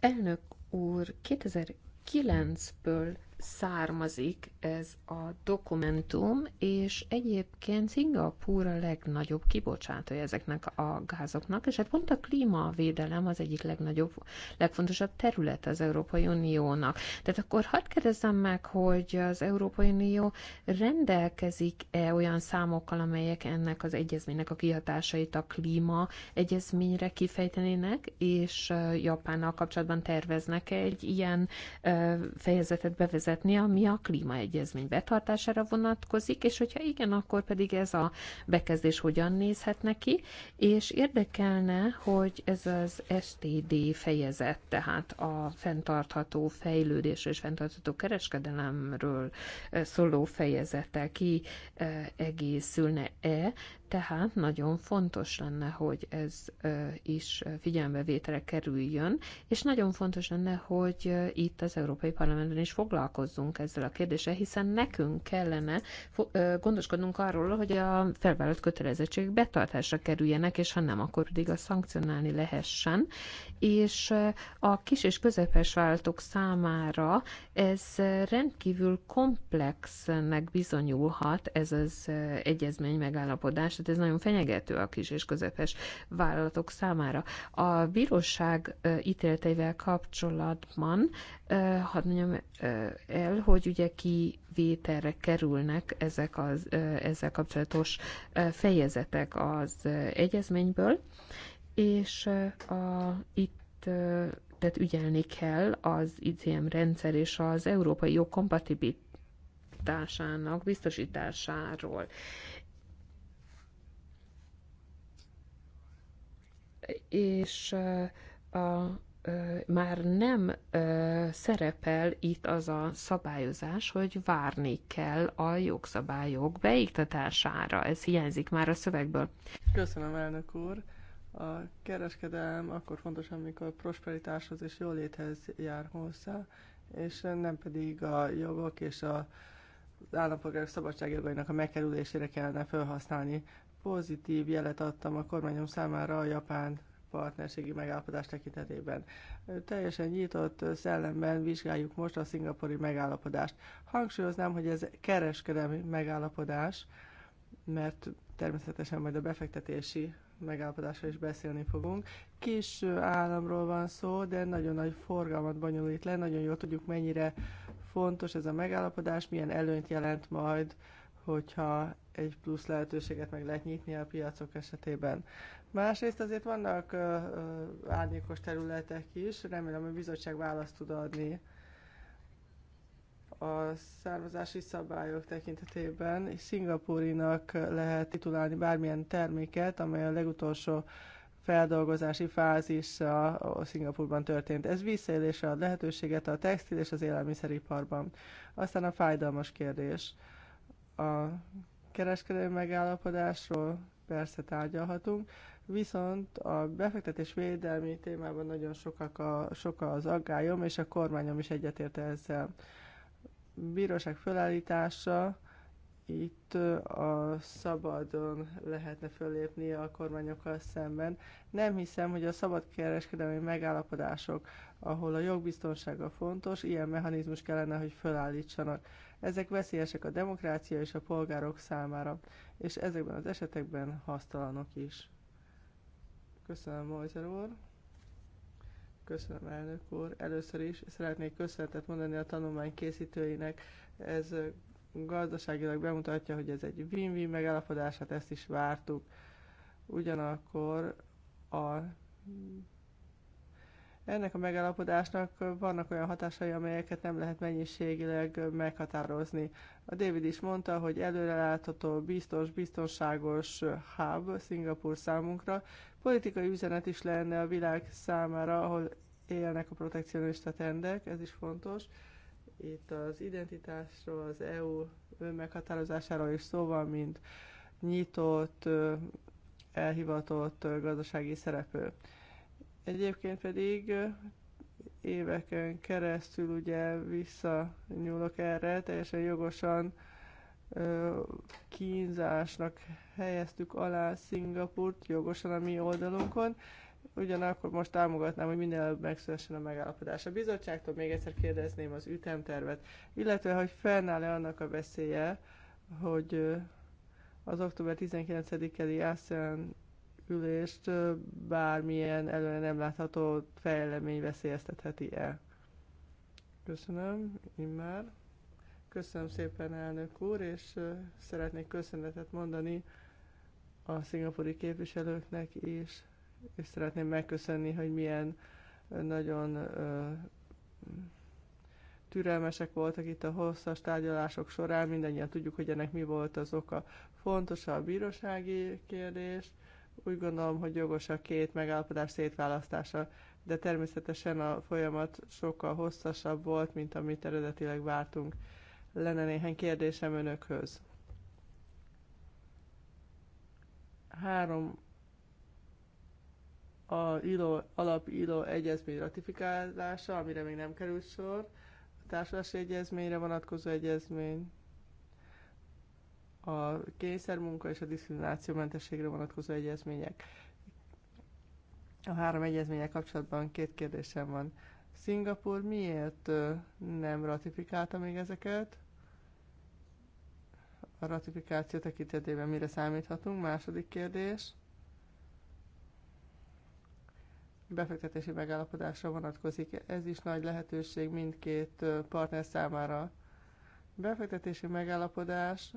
Elnök úr, 2009-ből származik ez a dokumentum, és egyébként Szingapúr a legnagyobb kibocsátója ezeknek a gázoknak, és hát pont a klímavédelem az egyik legnagyobb, legfontosabb terület az Európai Uniónak. Tehát akkor hadd kérdezzem meg, hogy az Európai Unió rendelkezik-e olyan számokkal, amelyek ennek az egyezménynek a kihatásait a klíma egyezményre kifejtenének, és Japánnal kapcsolatban terveznek -e egy ilyen fejezetet bevezetni, bevezetni, ami a klímaegyezmény betartására vonatkozik, és hogyha igen, akkor pedig ez a bekezdés hogyan nézhet neki, és érdekelne, hogy ez az STD fejezet, tehát a fenntartható fejlődés és fenntartható kereskedelemről eh, szóló fejezettel ki eh, egészülne-e, tehát nagyon fontos lenne, hogy ez is figyelmevételre kerüljön, és nagyon fontos lenne, hogy itt az Európai Parlamentben is foglalkozzunk ezzel a kérdéssel, hiszen nekünk kellene gondoskodnunk arról, hogy a felvállalt kötelezettségek betartásra kerüljenek, és ha nem, akkor pedig a szankcionálni lehessen. És a kis és közepes vállalatok számára ez rendkívül komplexnek bizonyulhat ez az egyezmény megállapodás, tehát ez nagyon fenyegető a kis és közepes vállalatok számára. A bíróság ítélteivel kapcsolatban hadd mondjam el, hogy ugye vételre kerülnek ezek az, ezzel kapcsolatos fejezetek az egyezményből, és a, itt tehát ügyelni kell az ICM rendszer és az európai jog kompatibilitásának biztosításáról. és a, már nem szerepel itt az a szabályozás, hogy várni kell a jogszabályok beiktatására. Ez hiányzik már a szövegből. Köszönöm, elnök úr. A kereskedelem akkor fontos, amikor prosperitáshoz és jóléthez jár hozzá, és nem pedig a jogok és a az állampolgárok szabadságjogainak a megkerülésére kellene felhasználni pozitív jelet adtam a kormányom számára a japán partnerségi megállapodás tekintetében. Teljesen nyitott szellemben vizsgáljuk most a szingapori megállapodást. Hangsúlyoznám, hogy ez kereskedelmi megállapodás, mert természetesen majd a befektetési megállapodásra is beszélni fogunk. Kis államról van szó, de nagyon nagy forgalmat bonyolít le, nagyon jól tudjuk, mennyire fontos ez a megállapodás, milyen előnyt jelent majd, hogyha egy plusz lehetőséget meg lehet nyitni a piacok esetében. Másrészt azért vannak uh, árnyékos területek is, remélem, hogy a bizottság választ tud adni a származási szabályok tekintetében Szingapúrinak lehet titulálni bármilyen terméket, amely a legutolsó feldolgozási fázis a, a Szingapurban történt. Ez visszaélésre ad lehetőséget a textil és az élelmiszeriparban. Aztán a fájdalmas kérdés. A kereskedelmi megállapodásról persze tárgyalhatunk, viszont a befektetés védelmi témában nagyon sokak a, sok az aggályom, és a kormányom is egyetért ezzel. Bíróság felállítása, itt a szabadon lehetne fölépni a kormányokkal szemben. Nem hiszem, hogy a szabadkereskedelmi megállapodások, ahol a jogbiztonsága fontos, ilyen mechanizmus kellene, hogy felállítsanak. Ezek veszélyesek a demokrácia és a polgárok számára, és ezekben az esetekben hasztalanok is. Köszönöm, Mojzer úr! Köszönöm, elnök úr! Először is szeretnék köszönetet mondani a tanulmány készítőinek. Ez gazdaságilag bemutatja, hogy ez egy win-win megállapodás, hát ezt is vártuk. Ugyanakkor a ennek a megállapodásnak vannak olyan hatásai, amelyeket nem lehet mennyiségileg meghatározni. A David is mondta, hogy előrelátható, biztos, biztonságos hub Szingapur számunkra. Politikai üzenet is lenne a világ számára, ahol élnek a protekcionista tendek, ez is fontos. Itt az identitásról, az EU önmeghatározásáról is szó van, mint nyitott, elhivatott gazdasági szereplő. Egyébként pedig éveken keresztül ugye visszanyúlok erre, teljesen jogosan kínzásnak helyeztük alá Szingapurt jogosan a mi oldalunkon, ugyanakkor most támogatnám, hogy minél előbb megszülessen a megállapodás. A bizottságtól még egyszer kérdezném az ütemtervet, illetve hogy fennáll-e annak a veszélye, hogy az október 19-i ASEAN ülést bármilyen előre nem látható fejlemény veszélyeztetheti-e. Köszönöm, immár. Köszönöm szépen, elnök úr, és szeretnék köszönetet mondani a szingapúri képviselőknek is, és szeretném megköszönni, hogy milyen nagyon türelmesek voltak itt a hosszas tárgyalások során, mindannyian tudjuk, hogy ennek mi volt az oka. Fontos a bírósági kérdés, úgy gondolom, hogy jogos a két megállapodás szétválasztása, de természetesen a folyamat sokkal hosszasabb volt, mint amit eredetileg vártunk. Lenne néhány kérdésem önökhöz. Három a ILO, alap ILO egyezmény ratifikálása, amire még nem került sor, a társulási egyezményre vonatkozó egyezmény, a kényszermunka és a diszkriminációmentességre vonatkozó egyezmények. A három egyezmények kapcsolatban két kérdésem van. Szingapur miért nem ratifikálta még ezeket? A ratifikáció tekintetében mire számíthatunk? Második kérdés. Befektetési megállapodásra vonatkozik. Ez is nagy lehetőség mindkét partner számára. Befektetési megállapodás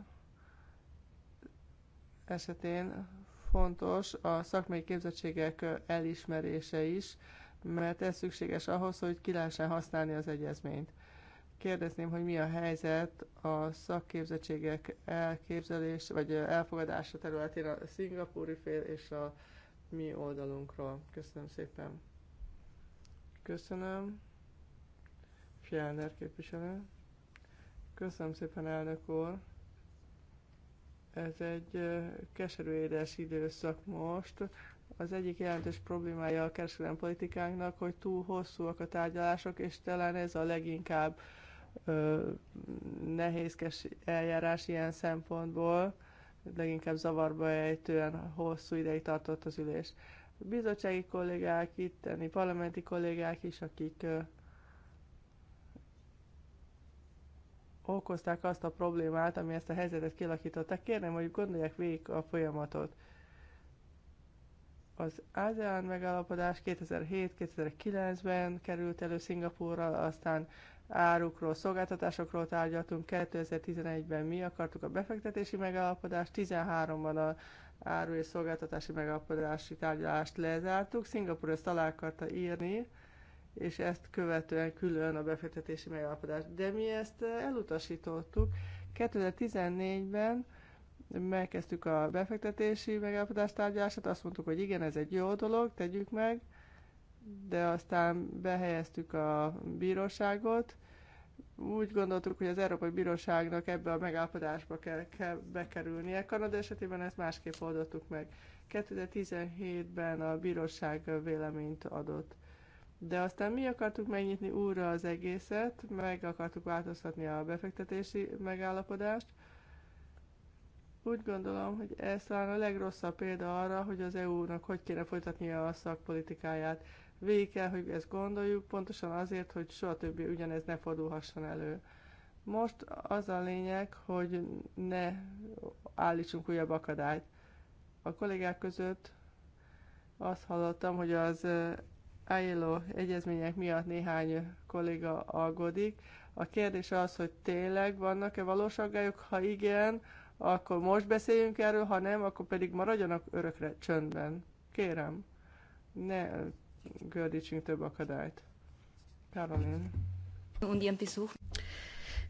esetén fontos a szakmai képzettségek elismerése is, mert ez szükséges ahhoz, hogy ki lehessen használni az egyezményt. Kérdezném, hogy mi a helyzet a szakképzettségek elképzelés vagy elfogadása területén a szingapúri fél és a mi oldalunkról. Köszönöm szépen. Köszönöm. Fjellner képviselő. Köszönöm szépen, elnök úr. Ez egy keserű édes időszak most. Az egyik jelentős problémája a kereskedelmi politikánknak, hogy túl hosszúak a tárgyalások, és talán ez a leginkább ö, nehézkes eljárás ilyen szempontból, leginkább zavarba ejtően hosszú ideig tartott az ülés. bizottsági kollégák, itteni parlamenti kollégák is, akik okozták azt a problémát, ami ezt a helyzetet kialakította. Kérném, hogy gondolják végig a folyamatot. Az ASEAN megállapodás 2007-2009-ben került elő Szingapúrral, aztán árukról, szolgáltatásokról tárgyaltunk, 2011-ben mi akartuk a befektetési megállapodást, 13-ban a áru és szolgáltatási megállapodási tárgyalást lezártuk, Szingapur ezt alá akarta írni, és ezt követően külön a befektetési megállapodás. De mi ezt elutasítottuk. 2014-ben megkezdtük a befektetési megállapodás tárgyalását, azt mondtuk, hogy igen, ez egy jó dolog, tegyük meg, de aztán behelyeztük a bíróságot. Úgy gondoltuk, hogy az Európai Bíróságnak ebbe a megállapodásba kell, kell bekerülnie. Kanada esetében ezt másképp oldottuk meg. 2017-ben a bíróság véleményt adott. De aztán mi akartuk megnyitni újra az egészet, meg akartuk változtatni a befektetési megállapodást. Úgy gondolom, hogy ez talán a legrosszabb példa arra, hogy az EU-nak hogy kéne folytatnia a szakpolitikáját. Végig kell, hogy ezt gondoljuk, pontosan azért, hogy soha többé ugyanez ne fordulhasson elő. Most az a lényeg, hogy ne állítsunk újabb akadályt. A kollégák között azt hallottam, hogy az ILO egyezmények miatt néhány kolléga aggódik. A kérdés az, hogy tényleg vannak-e valós aggályok? Ha igen, akkor most beszéljünk erről, ha nem, akkor pedig maradjanak örökre csöndben. Kérem, ne gördítsünk több akadályt. Karolin.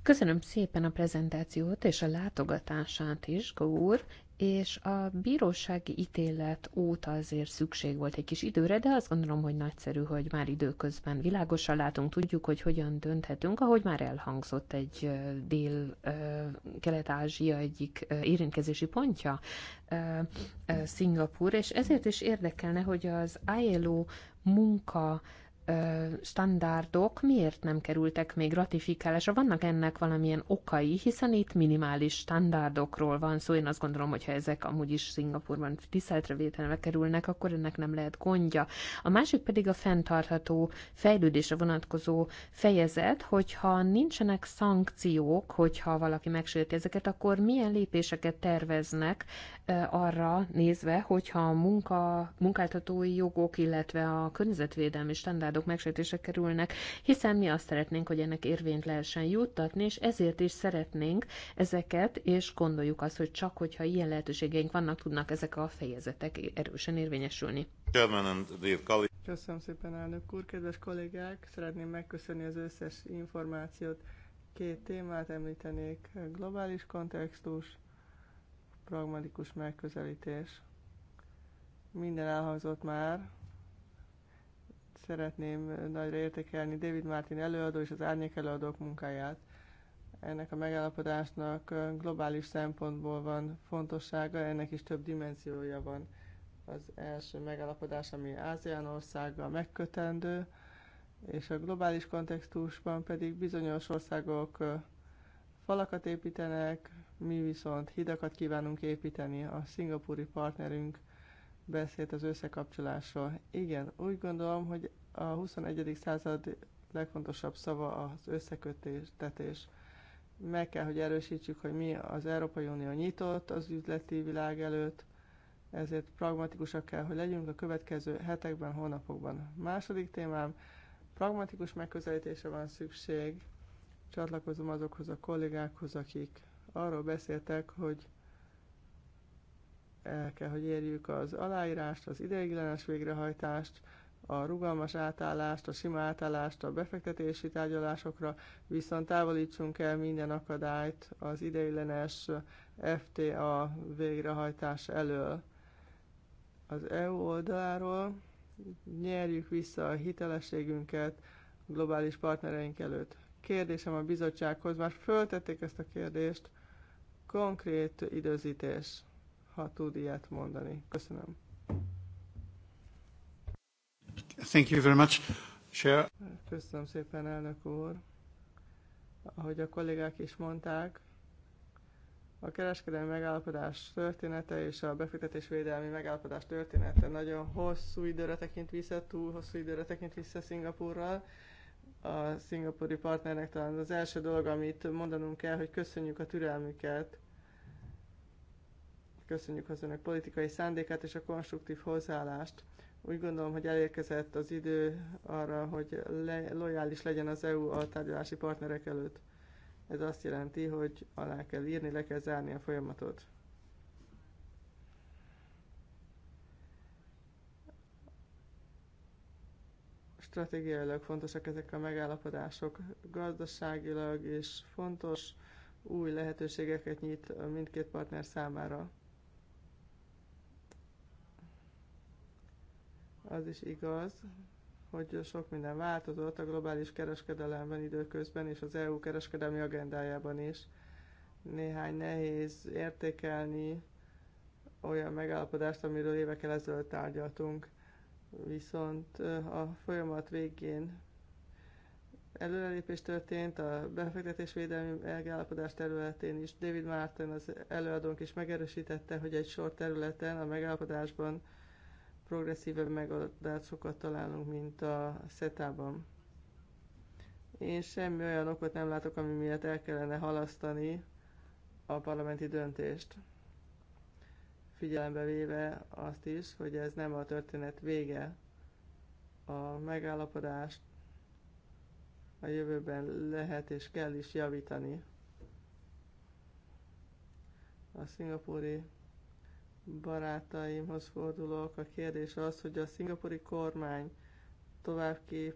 Köszönöm szépen a prezentációt és a látogatását is, Gór, és a bírósági ítélet óta azért szükség volt egy kis időre, de azt gondolom, hogy nagyszerű, hogy már időközben világosan látunk, tudjuk, hogy hogyan dönthetünk, ahogy már elhangzott egy dél-kelet-ázsia egyik érintkezési pontja, Szingapur, és ezért is érdekelne, hogy az ILO munka standardok miért nem kerültek még ratifikálásra? Vannak ennek valamilyen okai, hiszen itt minimális standardokról van szó. Szóval én azt gondolom, hogy ha ezek amúgy is Szingapurban tiszteletre vételre kerülnek, akkor ennek nem lehet gondja. A másik pedig a fenntartható fejlődésre vonatkozó fejezet, hogyha nincsenek szankciók, hogyha valaki megsérti ezeket, akkor milyen lépéseket terveznek arra nézve, hogyha a munka, munkáltatói jogok, illetve a környezetvédelmi standardok családok megsértése kerülnek, hiszen mi azt szeretnénk, hogy ennek érvényt lehessen juttatni, és ezért is szeretnénk ezeket, és gondoljuk azt, hogy csak hogyha ilyen lehetőségeink vannak, tudnak ezek a fejezetek erősen érvényesülni. Köszönöm szépen, elnök úr, kedves kollégák! Szeretném megköszönni az összes információt. Két témát említenék, globális kontextus, pragmatikus megközelítés. Minden elhangzott már, szeretném nagyra értékelni David Martin előadó és az árnyék előadók munkáját. Ennek a megállapodásnak globális szempontból van fontossága, ennek is több dimenziója van. Az első megállapodás, ami Ázián országgal megkötendő, és a globális kontextusban pedig bizonyos országok falakat építenek, mi viszont hidakat kívánunk építeni. A szingapúri partnerünk beszélt az összekapcsolásról. Igen, úgy gondolom, hogy a 21. század legfontosabb szava az összekötés. Meg kell, hogy erősítsük, hogy mi az Európai Unió nyitott az üzleti világ előtt, ezért pragmatikusak kell, hogy legyünk a következő hetekben, hónapokban. Második témám, pragmatikus megközelítése van szükség. Csatlakozom azokhoz a kollégákhoz, akik arról beszéltek, hogy el kell, hogy érjük az aláírást, az ideiglenes végrehajtást, a rugalmas átállást, a sima átállást a befektetési tárgyalásokra, viszont távolítsunk el minden akadályt az ideiglenes FTA végrehajtás elől. Az EU oldaláról nyerjük vissza a hitelességünket globális partnereink előtt. Kérdésem a bizottsághoz, már föltették ezt a kérdést, konkrét időzítés ha tud ilyet mondani. Köszönöm. Thank you very much. Chair. Köszönöm szépen, elnök úr. Ahogy a kollégák is mondták, a kereskedelmi megállapodás története és a befektetésvédelmi megállapodás története nagyon hosszú időre tekint vissza, túl hosszú időre tekint vissza Szingapurral. A szingapúri partnernek talán az első dolog, amit mondanunk kell, hogy köszönjük a türelmüket, Köszönjük az önök politikai szándékát és a konstruktív hozzáállást. Úgy gondolom, hogy elérkezett az idő arra, hogy le, lojális legyen az EU a tárgyalási partnerek előtt. Ez azt jelenti, hogy alá kell írni, le kell zárni a folyamatot. stratégiailag fontosak ezek a megállapodások, gazdaságilag is fontos, új lehetőségeket nyit mindkét partner számára. Az is igaz, hogy sok minden változott a globális kereskedelemben időközben, és az EU kereskedelmi agendájában is. Néhány nehéz értékelni olyan megállapodást, amiről évekkel ezelőtt tárgyaltunk. Viszont a folyamat végén előrelépés történt a befektetésvédelmi megállapodás területén is. David Martin, az előadónk is megerősítette, hogy egy sor területen a megállapodásban progresszívebb megadásokat találunk, mint a szetában. Én semmi olyan okot nem látok, ami miatt el kellene halasztani a parlamenti döntést. Figyelembe véve azt is, hogy ez nem a történet vége. A megállapodást a jövőben lehet és kell is javítani. A szingapúri barátaimhoz fordulok. A kérdés az, hogy a szingapuri kormány továbbképp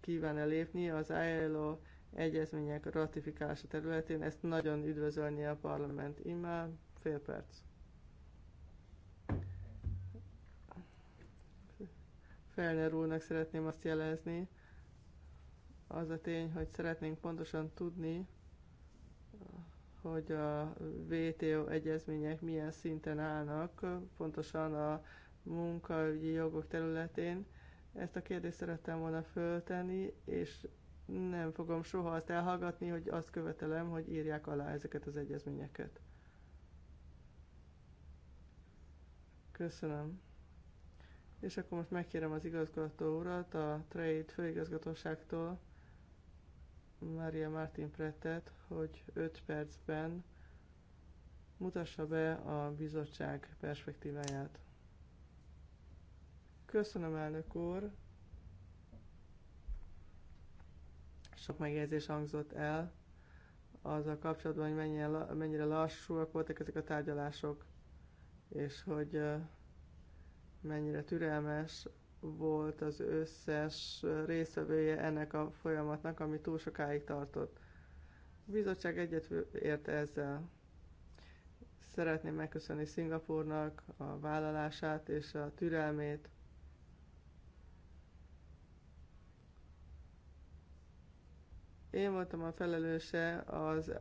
kíván-e lépni az ILO egyezmények ratifikálása területén. Ezt nagyon üdvözölni a parlament. Immár fél perc. Felner úrnak szeretném azt jelezni, az a tény, hogy szeretnénk pontosan tudni, hogy a WTO egyezmények milyen szinten állnak, pontosan a munkaügyi jogok területén. Ezt a kérdést szerettem volna föltenni, és nem fogom soha azt elhallgatni, hogy azt követelem, hogy írják alá ezeket az egyezményeket. Köszönöm. És akkor most megkérem az igazgató urat a Trade főigazgatóságtól, Maria Martin Prettet, hogy 5 percben mutassa be a bizottság perspektíváját. Köszönöm, elnök úr! Sok megjegyzés hangzott el azzal kapcsolatban, hogy mennyire, mennyire lassúak voltak ezek a tárgyalások, és hogy mennyire türelmes volt az összes részvevője ennek a folyamatnak, ami túl sokáig tartott. A bizottság egyet ért ezzel. Szeretném megköszönni Szingapúrnak a vállalását és a türelmét. Én voltam a felelőse az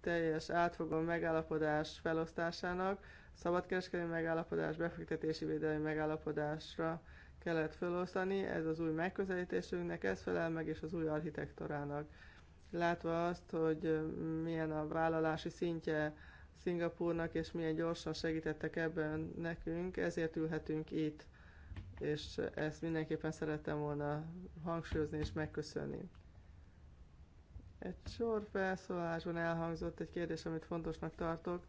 teljes átfogó megállapodás felosztásának, szabadkereskedelmi megállapodás, befektetési védelmi megállapodásra, kellett felosztani, ez az új megközelítésünknek, ez felel meg és az új architektorának. Látva azt, hogy milyen a vállalási szintje Szingapúrnak, és milyen gyorsan segítettek ebben nekünk, ezért ülhetünk itt. És ezt mindenképpen szerettem volna hangsúlyozni és megköszönni. Egy sor felszólásban elhangzott egy kérdés, amit fontosnak tartok.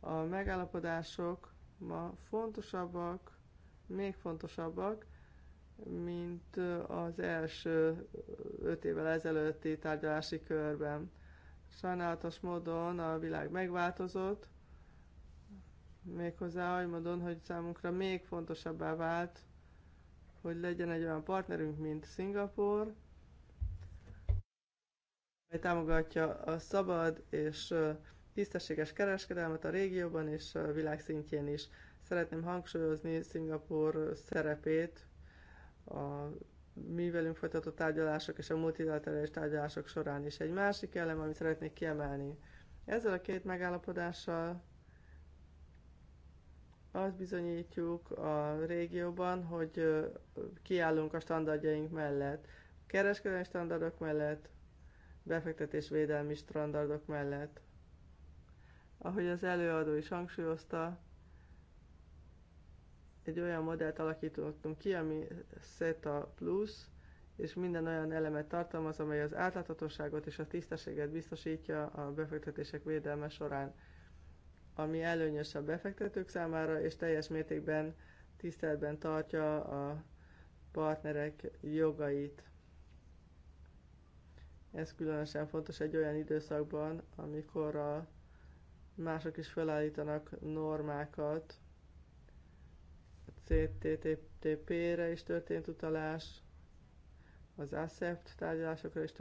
A megállapodások ma fontosabbak, még fontosabbak, mint az első öt évvel ezelőtti tárgyalási körben. Sajnálatos módon a világ megváltozott, méghozzá úgy mondom, hogy számunkra még fontosabbá vált, hogy legyen egy olyan partnerünk, mint Szingapur, mely támogatja a szabad és tisztességes kereskedelmet a régióban és a világ szintjén is. Szeretném hangsúlyozni Szingapur szerepét a mi velünk folytatott tárgyalások és a multilaterális tárgyalások során is. Egy másik elem, amit szeretnék kiemelni. Ezzel a két megállapodással azt bizonyítjuk a régióban, hogy kiállunk a standardjaink mellett, kereskedelmi standardok mellett, befektetésvédelmi standardok mellett. Ahogy az előadó is hangsúlyozta, egy olyan modellt alakítottunk ki, ami SETA Plus, és minden olyan elemet tartalmaz, amely az átláthatóságot és a tisztességet biztosítja a befektetések védelme során, ami előnyös a befektetők számára, és teljes mértékben tiszteletben tartja a partnerek jogait. Ez különösen fontos egy olyan időszakban, amikor a mások is felállítanak normákat, CTTP-re is történt utalás, az ASEPT tárgyalásokra is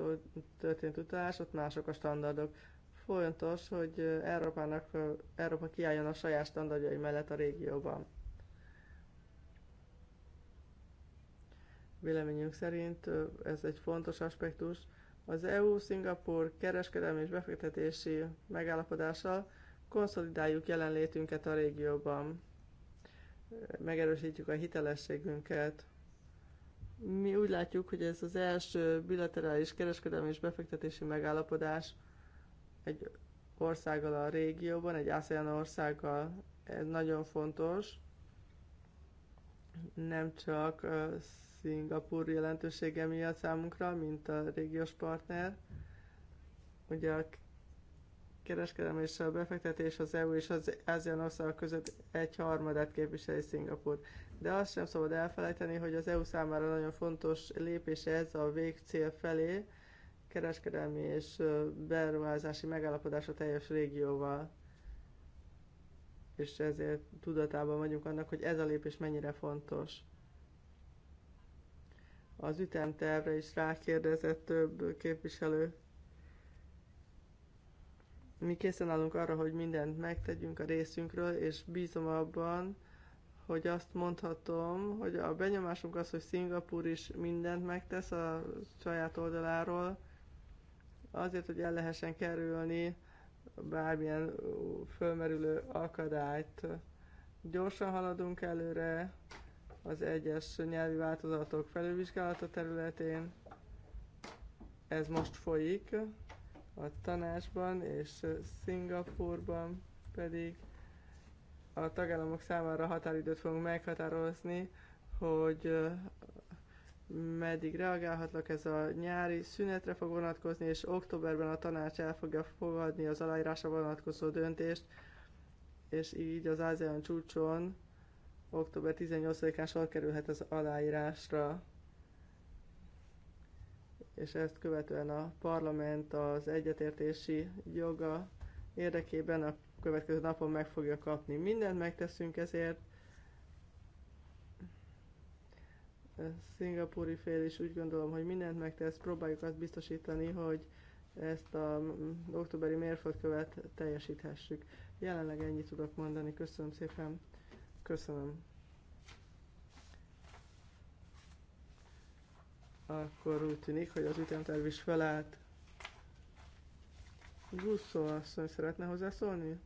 történt utalás, ott mások a standardok. Fontos, hogy Európának, Európa kiálljon a saját standardjai mellett a régióban. Véleményünk szerint ez egy fontos aspektus. Az EU-Szingapur kereskedelmi és befektetési megállapodással konszolidáljuk jelenlétünket a régióban megerősítjük a hitelességünket. Mi úgy látjuk, hogy ez az első bilaterális kereskedelmi és befektetési megállapodás egy országgal a régióban, egy ASEAN országgal, ez nagyon fontos. Nem csak Szingapúr jelentősége miatt számunkra, mint a régiós partner. Ugye a kereskedelem és a befektetés az EU és az ASEAN országok között egy harmadát képviseli Szingapur. De azt sem szabad elfelejteni, hogy az EU számára nagyon fontos lépés ez a végcél felé, kereskedelmi és beruházási megállapodás a teljes régióval. És ezért tudatában vagyunk annak, hogy ez a lépés mennyire fontos. Az ütemtervre is rákérdezett több képviselő mi készen állunk arra, hogy mindent megtegyünk a részünkről, és bízom abban, hogy azt mondhatom, hogy a benyomásunk az, hogy Szingapúr is mindent megtesz a saját oldaláról, azért, hogy el lehessen kerülni bármilyen fölmerülő akadályt. Gyorsan haladunk előre az egyes nyelvi változatok felülvizsgálata területén. Ez most folyik a tanácsban és Szingapurban pedig a tagállamok számára határidőt fogunk meghatározni, hogy meddig reagálhatnak, ez a nyári szünetre fog vonatkozni, és októberben a tanács el fogja fogadni az aláírásra vonatkozó döntést, és így az ASEAN csúcson október 18-án sor kerülhet az aláírásra és ezt követően a parlament az egyetértési joga érdekében a következő napon meg fogja kapni. Mindent megteszünk ezért. A szingapúri fél is úgy gondolom, hogy mindent megtesz, próbáljuk azt biztosítani, hogy ezt a októberi mérföldkövet teljesíthessük. Jelenleg ennyit tudok mondani, köszönöm szépen, köszönöm. Akkor úgy tűnik, hogy az ütemterv is felállt. Gusszó asszony szeretne hozzászólni?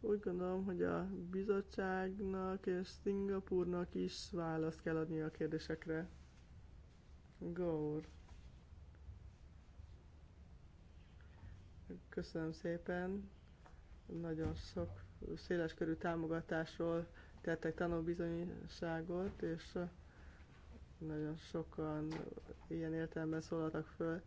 Úgy gondolom, hogy a bizottságnak és Szingapúrnak is választ kell adni a kérdésekre. Gaur. Köszönöm szépen. Nagyon sok széles körű támogatásról tettek tanúbizonyságot, és nagyon sokan ilyen értelemben szólaltak föl.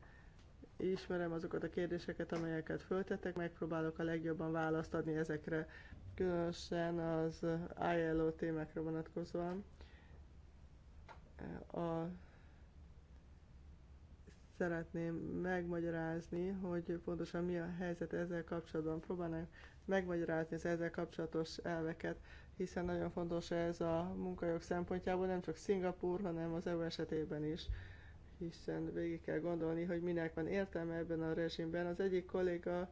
Ismerem azokat a kérdéseket, amelyeket föltettek, megpróbálok a legjobban választ adni ezekre, különösen az ILO témákra vonatkozóan. A szeretném megmagyarázni, hogy pontosan mi a helyzet ezzel kapcsolatban. Próbálnánk megmagyarázni az ezzel kapcsolatos elveket hiszen nagyon fontos ez a munkajog szempontjából, nem csak Szingapur, hanem az EU esetében is, hiszen végig kell gondolni, hogy minek van értelme ebben a rezsimben. Az egyik kolléga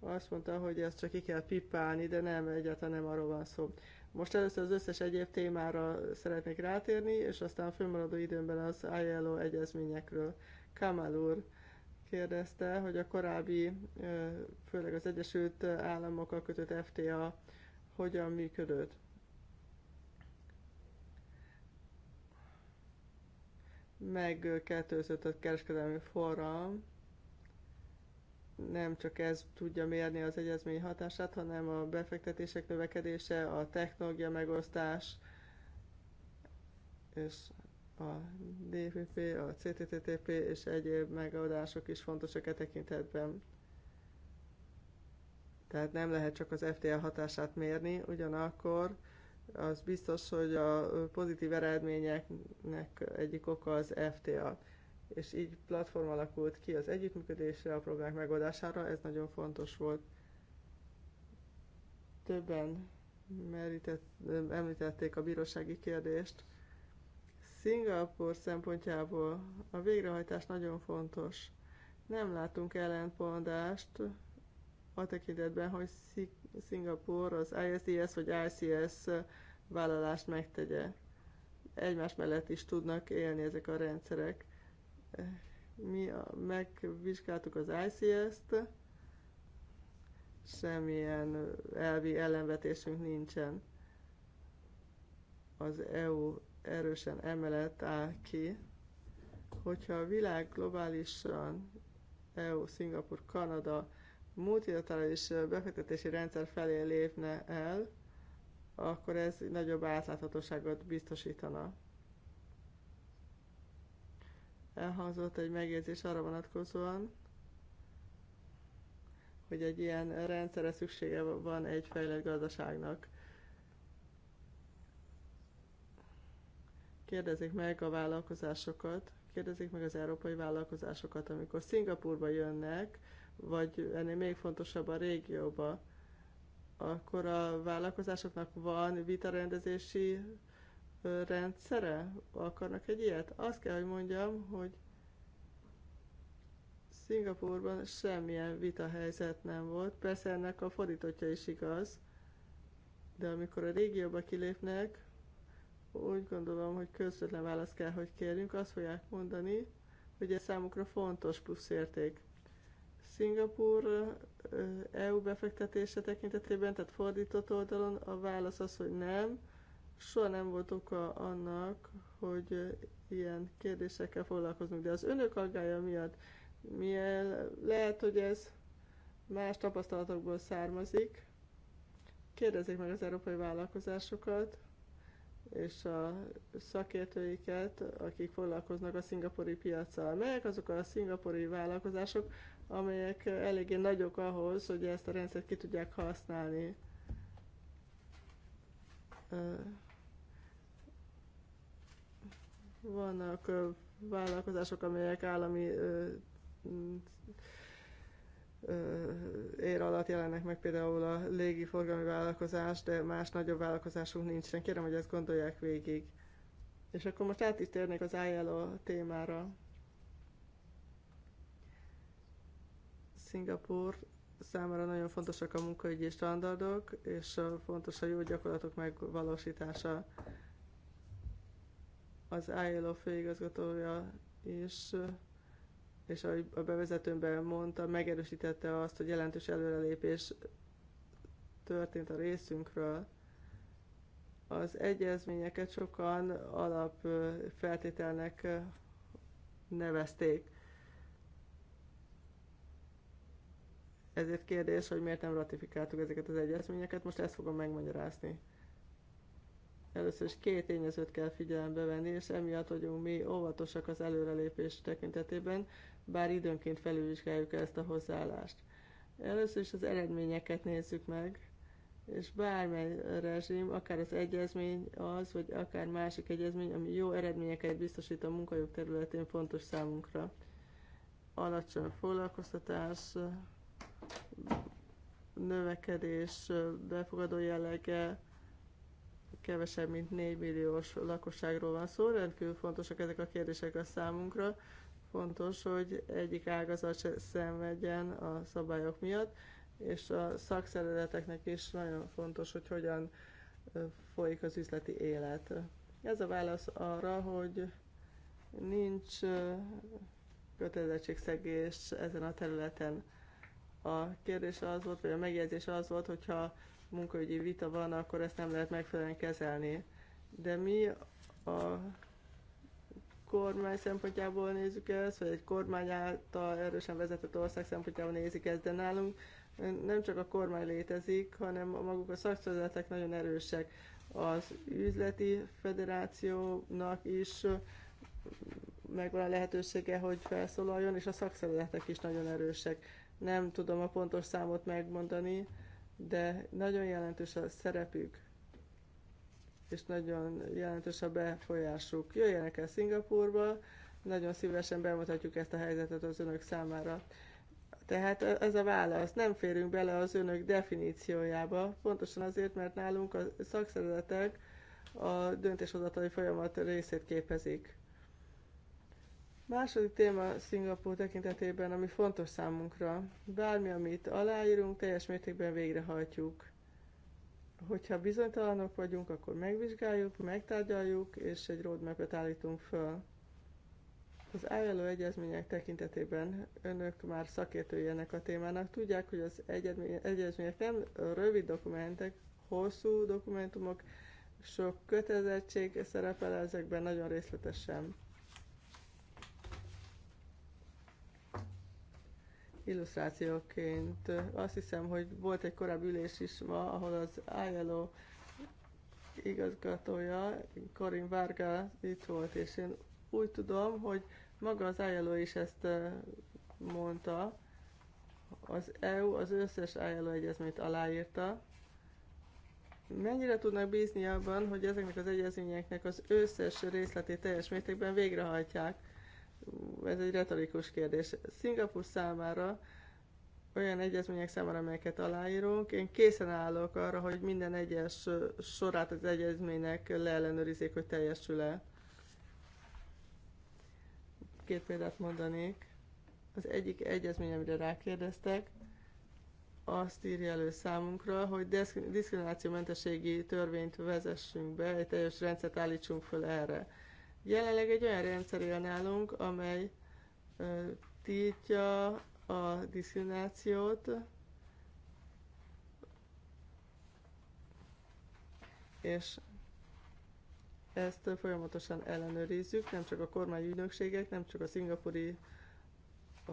azt mondta, hogy ezt csak ki kell pipálni, de nem, egyáltalán nem arról van szó. Most először az összes egyéb témára szeretnék rátérni, és aztán a fölmaradó időmben az ILO egyezményekről. Kamal úr kérdezte, hogy a korábbi, főleg az Egyesült Államokkal kötött FTA hogyan működött. megkettőzött kereskedelmi forram, nem csak ez tudja mérni az egyezmény hatását, hanem a befektetések növekedése, a technológia megosztás, és a DPP, a CTTTP és egyéb megoldások is fontosak e tekintetben. Tehát nem lehet csak az FTL hatását mérni, ugyanakkor az biztos, hogy a pozitív eredményeknek egyik oka az FTA, és így platform alakult ki az együttműködésre, a problémák megoldására, ez nagyon fontos volt. Többen merített, említették a bírósági kérdést. Szingapur szempontjából a végrehajtás nagyon fontos. Nem látunk ellentmondást a tekintetben, hogy Szingapur az ISDS vagy ICS vállalást megtegye. Egymás mellett is tudnak élni ezek a rendszerek. Mi a, megvizsgáltuk az ICS-t, semmilyen elvi ellenvetésünk nincsen. Az EU erősen emelet áll ki, hogyha a világ globálisan EU, Szingapur, Kanada, multilaterális befektetési rendszer felé lépne el, akkor ez nagyobb átláthatóságot biztosítana. Elhangzott egy megjegyzés arra vonatkozóan, hogy egy ilyen rendszerre szüksége van egy fejlett gazdaságnak. Kérdezik meg a vállalkozásokat, kérdezik meg az európai vállalkozásokat, amikor Szingapurba jönnek, vagy ennél még fontosabb a régióba, akkor a vállalkozásoknak van vitarendezési rendszere? Akarnak egy ilyet? Azt kell, hogy mondjam, hogy Szingapurban semmilyen vita helyzet nem volt. Persze ennek a fordítottja is igaz, de amikor a régióba kilépnek, úgy gondolom, hogy közvetlen választ kell, hogy kérjünk. Azt fogják mondani, hogy ez számukra fontos plusz érték. Szingapur eh, eh, EU befektetése tekintetében, tehát fordított oldalon a válasz az, hogy nem. Soha nem volt oka annak, hogy eh, ilyen kérdésekkel foglalkozunk, de az önök aggája miatt, milyen lehet, hogy ez más tapasztalatokból származik, kérdezzék meg az európai vállalkozásokat, és a szakértőiket, akik foglalkoznak a szingapori piacsal. Melyek azok a szingapori vállalkozások, amelyek eléggé nagyok ahhoz, hogy ezt a rendszert ki tudják használni. Vannak vállalkozások, amelyek állami ér alatt jelennek meg például a légiforgalmi vállalkozás, de más nagyobb vállalkozásunk nincsen. Kérem, hogy ezt gondolják végig. És akkor most át is térnék az ILO témára. Szingapur számára nagyon fontosak a munkaügyi standardok, és fontos a jó gyakorlatok megvalósítása. Az ILO főigazgatója is, és ahogy a bevezetőmben mondta, megerősítette azt, hogy jelentős előrelépés történt a részünkről. Az egyezményeket sokan alapfeltételnek nevezték Ezért kérdés, hogy miért nem ratifikáltuk ezeket az egyezményeket, most ezt fogom megmagyarázni. Először is két tényezőt kell figyelembe venni, és emiatt vagyunk mi óvatosak az előrelépés tekintetében, bár időnként felülvizsgáljuk ezt a hozzáállást. Először is az eredményeket nézzük meg, és bármely rezsim, akár az egyezmény az, vagy akár másik egyezmény, ami jó eredményeket biztosít a munkajog területén fontos számunkra. Alacsony foglalkoztatás, növekedés befogadó jellege kevesebb, mint 4 milliós lakosságról van szó. Rendkívül fontosak ezek a kérdések a számunkra. Fontos, hogy egyik ágazat se szenvedjen a szabályok miatt, és a szakszervezeteknek is nagyon fontos, hogy hogyan folyik az üzleti élet. Ez a válasz arra, hogy nincs kötelezettségszegés ezen a területen. A kérdés az volt, vagy a megjegyzés az volt, hogyha munkaügyi vita van, akkor ezt nem lehet megfelelően kezelni. De mi a kormány szempontjából nézzük ezt, vagy egy kormány által erősen vezetett ország szempontjából nézik ezt, de nálunk nem csak a kormány létezik, hanem maguk a szakszervezetek nagyon erősek. Az üzleti federációnak is megvan a lehetősége, hogy felszólaljon, és a szakszervezetek is nagyon erősek nem tudom a pontos számot megmondani, de nagyon jelentős a szerepük, és nagyon jelentős a befolyásuk. Jöjjenek el Szingapurba, nagyon szívesen bemutatjuk ezt a helyzetet az önök számára. Tehát e- ez a válasz. Nem férünk bele az önök definíciójába, pontosan azért, mert nálunk a szakszervezetek a döntéshozatali folyamat részét képezik. Második téma Szingapúr tekintetében, ami fontos számunkra. Bármi, amit aláírunk, teljes mértékben végrehajtjuk. Hogyha bizonytalanok vagyunk, akkor megvizsgáljuk, megtárgyaljuk, és egy roadmap-et állítunk föl. Az ILO egyezmények tekintetében önök már szakértői ennek a témának. Tudják, hogy az egyezmények nem rövid dokumentek, hosszú dokumentumok, sok kötelezettség szerepel ezekben nagyon részletesen illusztrációként. Azt hiszem, hogy volt egy korábbi ülés is ma, ahol az ILO igazgatója, Karin Varga itt volt, és én úgy tudom, hogy maga az ILO is ezt eh, mondta, az EU az összes ILO egyezményt aláírta. Mennyire tudnak bízni abban, hogy ezeknek az egyezményeknek az összes részletét teljes mértékben végrehajtják? ez egy retorikus kérdés. Szingapur számára, olyan egyezmények számára, amelyeket aláírunk, én készen állok arra, hogy minden egyes sorát az egyezménynek leellenőrizzék, hogy teljesül-e. Két példát mondanék. Az egyik egyezmény, amire rákérdeztek, azt írja elő számunkra, hogy diszkriminációmentességi törvényt vezessünk be, egy teljes rendszert állítsunk föl erre Jelenleg egy olyan rendszer él nálunk, amely tiltja a diszkriminációt, és ezt folyamatosan ellenőrizzük, nem csak a kormányügynökségek, nem csak a szingapuri a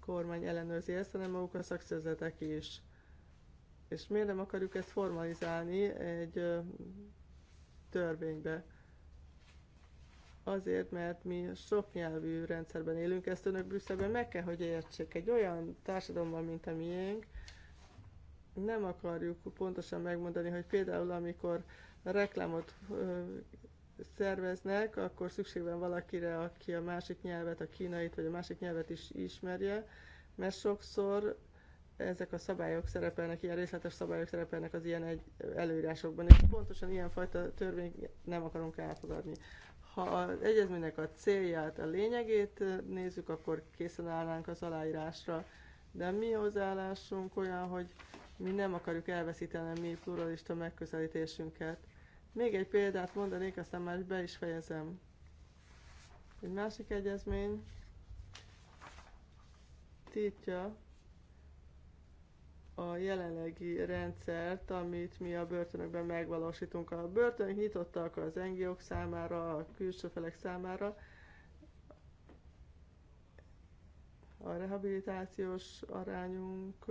kormány ellenőrzi ezt, hanem maguk a szakszervezetek is. És miért nem akarjuk ezt formalizálni egy törvénybe? azért, mert mi sok nyelvű rendszerben élünk, ezt önök Brüsszelben meg kell, hogy értsék. Egy olyan társadalomban, mint a miénk, nem akarjuk pontosan megmondani, hogy például amikor reklámot ö, szerveznek, akkor szükség van valakire, aki a másik nyelvet, a kínait vagy a másik nyelvet is ismerje, mert sokszor ezek a szabályok szerepelnek, ilyen részletes szabályok szerepelnek az ilyen egy előírásokban, és pontosan ilyenfajta törvényt nem akarunk elfogadni. Ha az egyezménynek a célját, a lényegét nézzük, akkor készen állnánk az aláírásra. De mi hozzáállásunk olyan, hogy mi nem akarjuk elveszíteni a mi pluralista megközelítésünket. Még egy példát mondanék, aztán már be is fejezem. Egy másik egyezmény tiltja a jelenlegi rendszert, amit mi a börtönökben megvalósítunk. A börtönök nyitottak az ngo számára, a külső felek számára, a rehabilitációs arányunk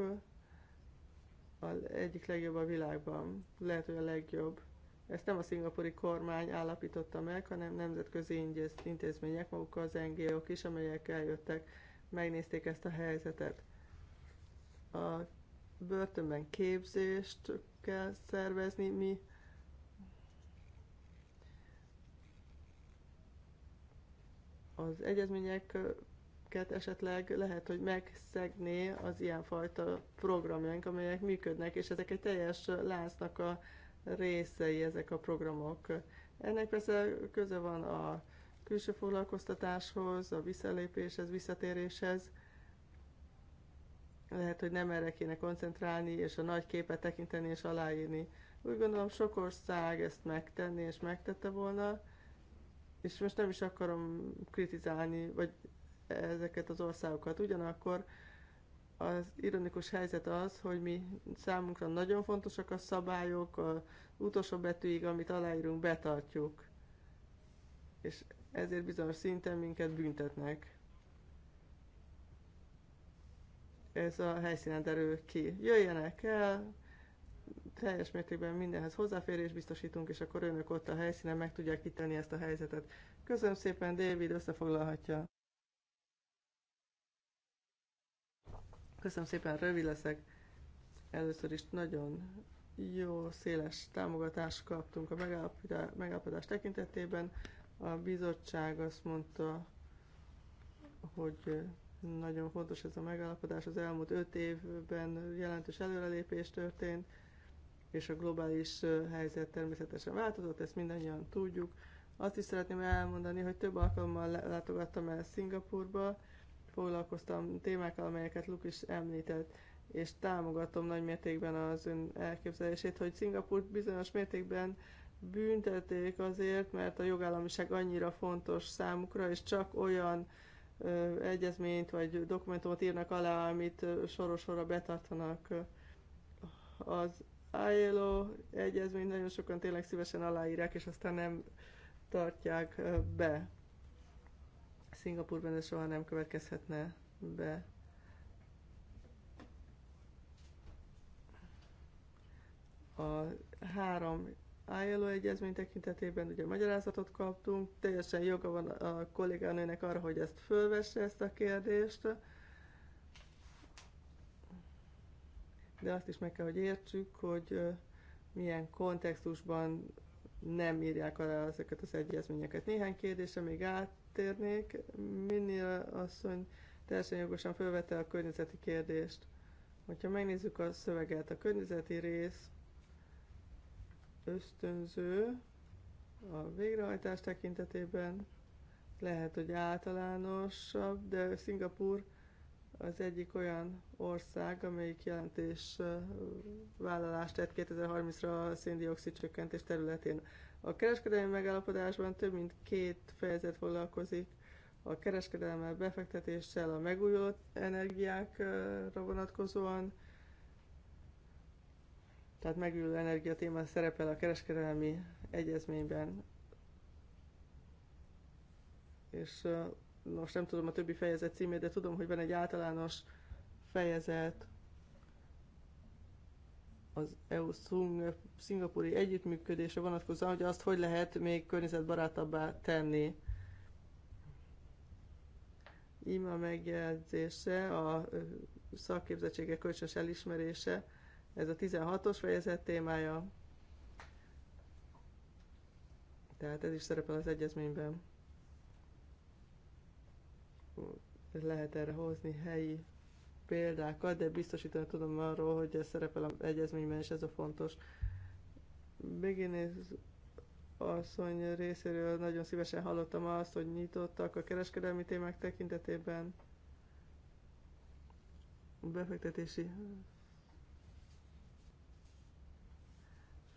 az egyik legjobb a világban, lehet, hogy a legjobb. Ezt nem a szingapúri kormány állapította meg, hanem nemzetközi intézmények, maguk az NGO-k is, amelyek eljöttek, megnézték ezt a helyzetet. A börtönben képzést kell szervezni, mi az egyezményeket esetleg lehet, hogy megszegné az ilyenfajta programjaink, amelyek működnek, és ezek egy teljes láncnak a részei ezek a programok. Ennek persze köze van a külső foglalkoztatáshoz, a visszalépéshez, visszatéréshez, lehet, hogy nem erre kéne koncentrálni, és a nagy képet tekinteni és aláírni. Úgy gondolom, sok ország ezt megtenni és megtette volna, és most nem is akarom kritizálni, vagy ezeket az országokat. Ugyanakkor az ironikus helyzet az, hogy mi számunkra nagyon fontosak a szabályok, az utolsó betűig, amit aláírunk, betartjuk. És ezért bizonyos szinten minket büntetnek. ez a helyszínen derül ki. Jöjjenek el, teljes mértékben mindenhez hozzáférés biztosítunk, és akkor önök ott a helyszínen meg tudják kitenni ezt a helyzetet. Köszönöm szépen, David, összefoglalhatja. Köszönöm szépen, rövid leszek. Először is nagyon jó, széles támogatást kaptunk a megállapodás tekintetében. A bizottság azt mondta, hogy nagyon fontos ez a megállapodás. Az elmúlt öt évben jelentős előrelépés történt, és a globális helyzet természetesen változott, ezt mindannyian tudjuk. Azt is szeretném elmondani, hogy több alkalommal látogattam el Szingapurba, foglalkoztam témákkal, amelyeket Luk is említett, és támogatom nagy mértékben az ön elképzelését, hogy Szingapurt bizonyos mértékben büntették azért, mert a jogállamiság annyira fontos számukra, és csak olyan egyezményt vagy dokumentumot írnak alá, amit sorosorra betartanak. Az ILO egyezmény nagyon sokan tényleg szívesen aláírják, és aztán nem tartják be. Szingapurban ez soha nem következhetne be. A három ILO egyezmény tekintetében ugye magyarázatot kaptunk, teljesen joga van a kolléganőnek arra, hogy ezt fölvesse ezt a kérdést, de azt is meg kell, hogy értsük, hogy milyen kontextusban nem írják alá ezeket az egyezményeket. Néhány kérdésre még áttérnék. Minél asszony teljesen jogosan felvette a környezeti kérdést. Hogyha megnézzük a szöveget, a környezeti rész ösztönző a végrehajtás tekintetében, lehet, hogy általánosabb, de Szingapur az egyik olyan ország, amelyik jelentés vállalást tett 2030-ra a széndiokszid csökkentés területén. A kereskedelmi megállapodásban több mint két fejezet foglalkozik a kereskedelmi befektetéssel, a megújuló energiákra vonatkozóan, tehát megülő energia téma szerepel a kereskedelmi egyezményben. És most nem tudom a többi fejezet címét, de tudom, hogy van egy általános fejezet az EU szingapúri együttműködése vonatkozóan, hogy azt hogy lehet még környezetbarátabbá tenni. Ima megjegyzése, a szakképzettségek kölcsönös elismerése, ez a 16-os fejezet témája. Tehát ez is szerepel az egyezményben. Lehet erre hozni helyi példákat, de biztosítani tudom arról, hogy ez szerepel az egyezményben, és ez a fontos. az asszony részéről nagyon szívesen hallottam azt, hogy nyitottak a kereskedelmi témák tekintetében befektetési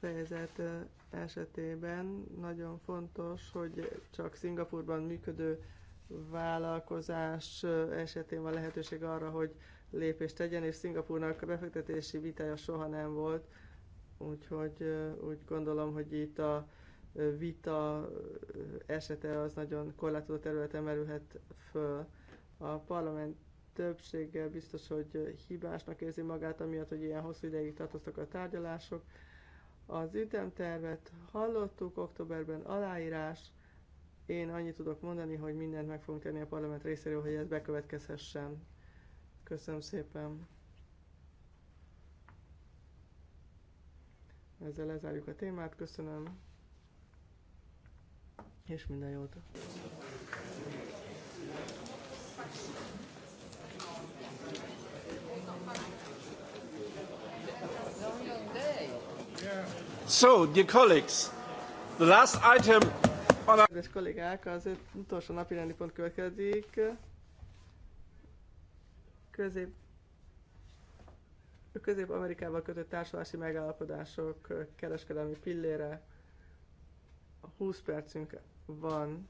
fejezet esetében nagyon fontos, hogy csak Szingapurban működő vállalkozás esetén van lehetőség arra, hogy lépést tegyen, és Szingapurnak befektetési vitája soha nem volt, úgyhogy úgy gondolom, hogy itt a vita esete az nagyon korlátozott területen merülhet föl. A parlament többsége biztos, hogy hibásnak érzi magát, amiatt, hogy ilyen hosszú ideig tartoztak a tárgyalások, az ütemtervet hallottuk, októberben aláírás. Én annyit tudok mondani, hogy mindent meg fogunk tenni a parlament részéről, hogy ez bekövetkezhessen. Köszönöm szépen. Ezzel lezárjuk a témát, köszönöm. És minden jót. Thank you. So, dear colleagues, the last item on our... Kedves kollégák, az utolsó napi rendi pont következik. Közép Közép-Amerikával kötött társulási megállapodások kereskedelmi pillére 20 percünk van.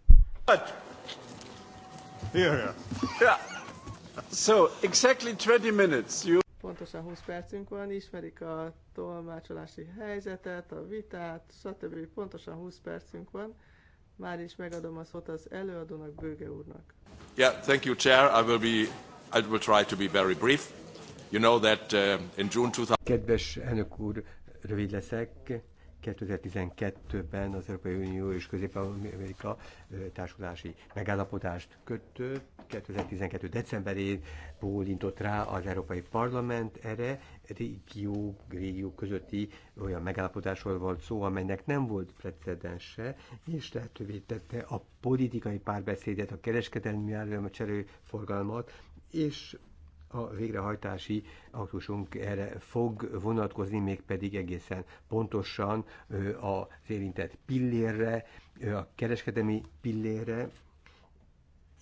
Here. Yeah. So, exactly 20 minutes. You... Pontosan 20 percünk van, ismerik a tolmácsolási helyzetet, a vitát, stb. Pontosan 20 percünk van. Már is megadom a szót az előadónak, Bőge úrnak. Yeah, thank you, Chair. I will be, I will try to be very brief. You know that uh, in June 2000... Kedves elnök úr, rövid leszek. 2012-ben az Európai Unió és Közép-Amerika társulási megállapodást kötött. 2012. decemberén bólintott rá az Európai Parlament erre, régió, régió közötti olyan megállapodásról volt szó, amelynek nem volt precedense, és lehetővé tette a politikai párbeszédet, a kereskedelmi járványcserő forgalmat, és a végrehajtási aktusunk erre fog vonatkozni, mégpedig egészen pontosan az érintett pillérre, a kereskedelmi pillérre,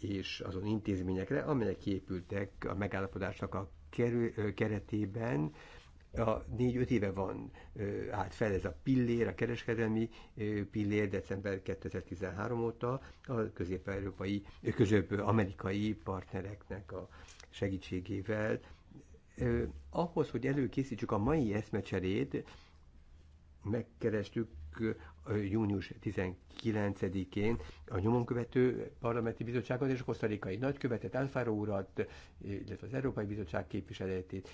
és azon intézményekre, amelyek épültek a megállapodásnak a kerül, keretében. A négy-öt éve van állt fel ez a pillér, a kereskedelmi pillér december 2013 óta a közép-európai, közép-amerikai partnereknek a segítségével ahhoz, hogy előkészítsük a mai eszmecserét, megkerestük június 19-én a nyomonkövető parlamenti bizottságot és a kosztarikai nagykövetet, Alfaro urat, illetve az Európai Bizottság képviseletét.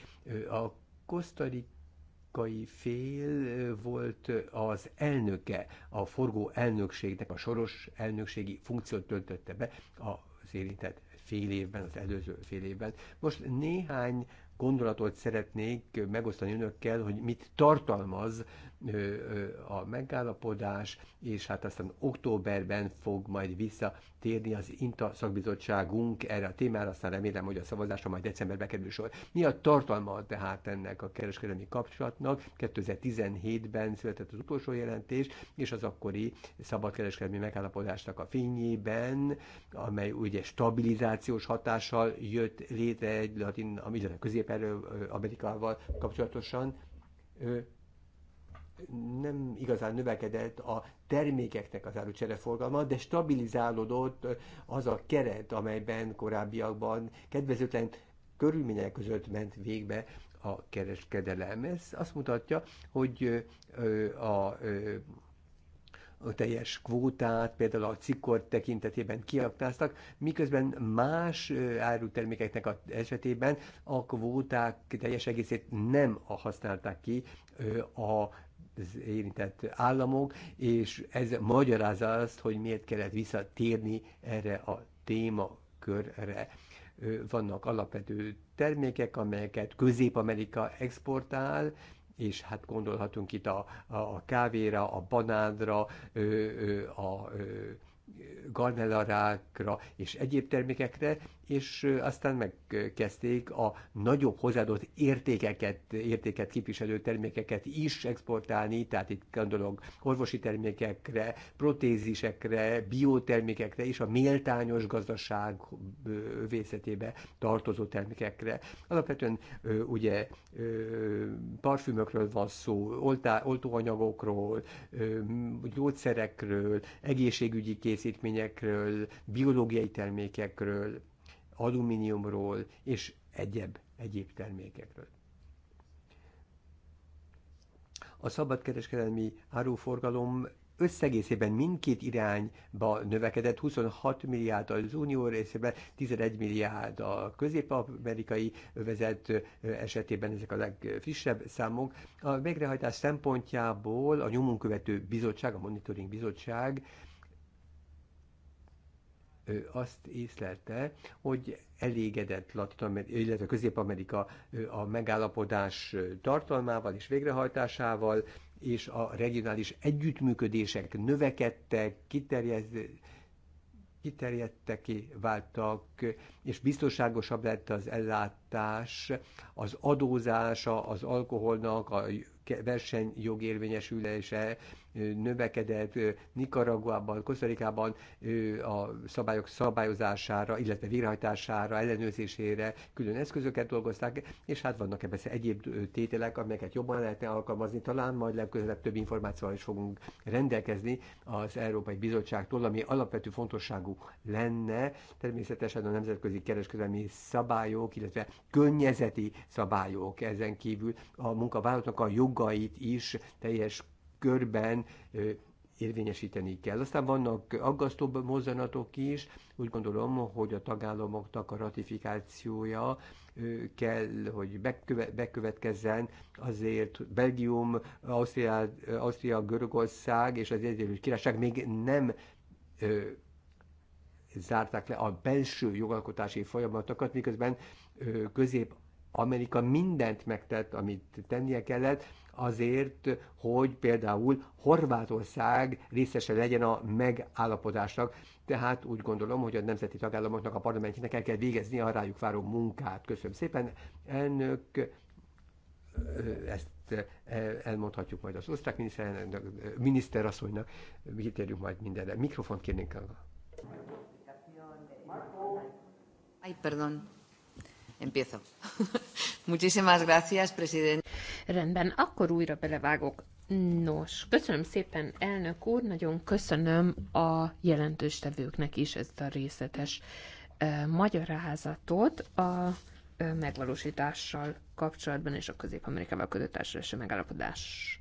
A kosztarikai fél volt az elnöke, a forgó elnökségnek a soros elnökségi funkciót töltötte be az érintett fél évben, az előző fél évben. Most néhány gondolatot szeretnék megosztani önökkel, hogy mit tartalmaz a megállapodás, és hát aztán októberben fog majd visszatérni az INTA szakbizottságunk erre a témára, aztán remélem, hogy a szavazásra majd decemberbe kerül sor. Mi a tartalma tehát ennek a kereskedelmi kapcsolatnak? 2017-ben született az utolsó jelentés, és az akkori szabadkereskedelmi megállapodásnak a fényében, amely ugye stabilizációs hatással jött létre egy latin, a közép-amerikával kapcsolatosan, nem igazán növekedett a termékeknek az árucsereforgalma, de stabilizálódott az a keret, amelyben korábbiakban kedvezőtlen körülmények között ment végbe a kereskedelem. Ez azt mutatja, hogy a a teljes kvótát, például a cikkor tekintetében kiaknáztak, miközben más árutermékeknek az esetében a kvóták teljes egészét nem használták ki a érintett államok, és ez magyarázza azt, hogy miért kellett visszatérni erre a témakörre. Vannak alapvető termékek, amelyeket Közép-Amerika exportál, és hát gondolhatunk itt a, a kávéra, a ö, a, a, ö, garnelarákra és egyéb termékekre, és aztán megkezdték a nagyobb hozzáadott értékeket, értéket képviselő termékeket is exportálni, tehát itt gondolok orvosi termékekre, protézisekre, biotermékekre és a méltányos gazdaság vészetébe tartozó termékekre. Alapvetően ugye parfümökről van szó, oltá, oltóanyagokról, gyógyszerekről, egészségügyi készítményekről, biológiai termékekről, alumíniumról és egyéb, egyéb termékekről. A szabadkereskedelmi áruforgalom összegészében mindkét irányba növekedett, 26 milliárd az unió részében, 11 milliárd a közép-amerikai övezet esetében, ezek a legfrissebb számok. A végrehajtás szempontjából a nyomunkövető bizottság, a monitoring bizottság ő azt észlelte, hogy elégedett Latin, illetve Közép-Amerika a megállapodás tartalmával és végrehajtásával, és a regionális együttműködések növekedtek, ki váltak, és biztonságosabb lett az ellátás, az adózása az alkoholnak, a versenyjog érvényesülése, növekedett Nikaraguában, Kosztarikában a szabályok szabályozására, illetve végrehajtására, ellenőrzésére külön eszközöket dolgozták, és hát vannak ebben egyéb tételek, amelyeket jobban lehetne alkalmazni, talán majd legközelebb több információval is fogunk rendelkezni az Európai Bizottságtól, ami alapvető fontosságú lenne, természetesen a nemzetközi kereskedelmi szabályok, illetve környezeti szabályok ezen kívül a munkavállalóknak a jogait is teljes körben érvényesíteni kell. Aztán vannak aggasztóbb mozzanatok is, úgy gondolom, hogy a tagállamoknak a ratifikációja kell, hogy bekövetkezzen, azért Belgium, Ausztria, Ausztria Görögország és az Egyesült Királyság még nem zárták le a belső jogalkotási folyamatokat, miközben Közép-Amerika mindent megtett, amit tennie kellett, azért, hogy például Horvátország részese legyen a megállapodásnak. Tehát úgy gondolom, hogy a nemzeti tagállamoknak, a parlamentjének el kell végezni a rájuk váró munkát. Köszönöm szépen, elnök, ezt elmondhatjuk majd az osztrák miniszterasszonynak, Vitérjük majd mindenre. Mikrofont kérnénk. Ay, perdón. Empiezo. Muchísimas gracias, Rendben, akkor újra belevágok. Nos, köszönöm szépen, elnök úr, nagyon köszönöm a jelentős tevőknek is ezt a részletes magyarázatot a megvalósítással kapcsolatban és a Közép-Amerikával kötött társadalmi megállapodás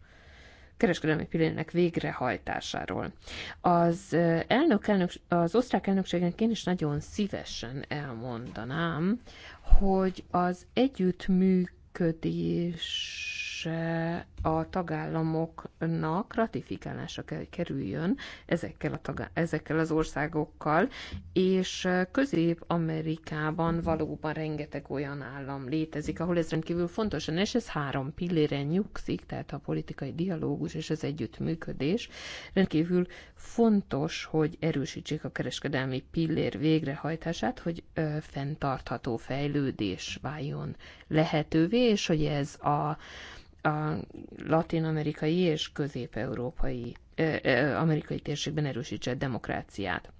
kereskedelmi pillének végrehajtásáról. Az elnök, elnök az osztrák elnökségen én is nagyon szívesen elmondanám, hogy az együttműködés a tagállamoknak ratifikálásra kell, kerüljön ezekkel, a taga- ezekkel az országokkal, és Közép-Amerikában valóban rengeteg olyan állam létezik, ahol ez rendkívül fontos és ez három pilléren nyugszik, tehát a politikai dialógus és az együttműködés rendkívül fontos, hogy erősítsék a kereskedelmi pillér végrehajtását, hogy ö, fenntartható fejlődés váljon lehetővé, és hogy ez a a latin-amerikai és közép-európai eh, amerikai térségben erősítse a demokráciát.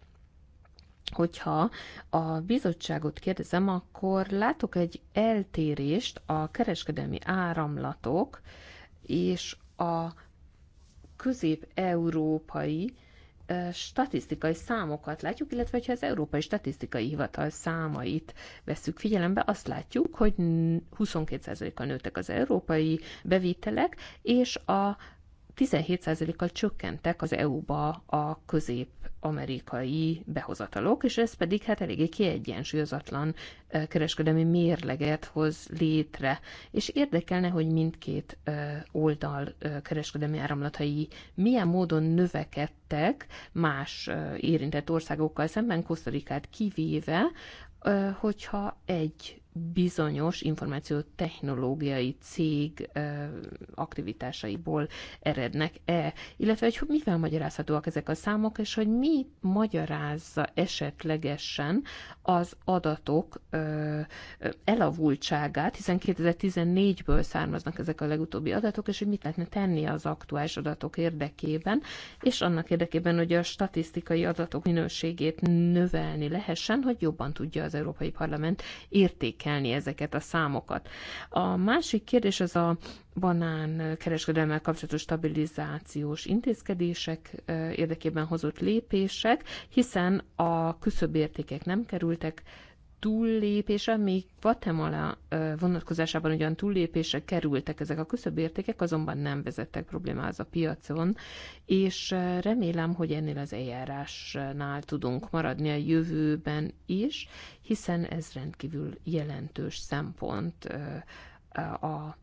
Hogyha a bizottságot kérdezem, akkor látok egy eltérést a kereskedelmi áramlatok és a közép-európai statisztikai számokat látjuk, illetve ha az Európai Statisztikai Hivatal számait veszük figyelembe, azt látjuk, hogy 22%-kal nőttek az európai bevételek, és a 17%-kal csökkentek az EU-ba a közép amerikai behozatalok, és ez pedig hát eléggé kiegyensúlyozatlan kereskedelmi mérleget hoz létre. És érdekelne, hogy mindkét oldal kereskedelmi áramlatai milyen módon növekedtek más érintett országokkal szemben, Kosztorikát kivéve, hogyha egy bizonyos információtechnológiai cég aktivitásaiból erednek-e, illetve hogy mivel magyarázhatóak ezek a számok, és hogy mi magyarázza esetlegesen az adatok elavultságát, hiszen 2014-ből származnak ezek a legutóbbi adatok, és hogy mit lehetne tenni az aktuális adatok érdekében, és annak érdekében, hogy a statisztikai adatok minőségét növelni lehessen, hogy jobban tudja az Európai Parlament érték értékelni ezeket a számokat. A másik kérdés az a banán kereskedelmel kapcsolatos stabilizációs intézkedések érdekében hozott lépések, hiszen a küszöbértékek nem kerültek túllépésre, még Guatemala vonatkozásában ugyan túllépésre kerültek ezek a küszöbértékek, azonban nem vezettek problémához a piacon, és remélem, hogy ennél az eljárásnál tudunk maradni a jövőben is, hiszen ez rendkívül jelentős szempont a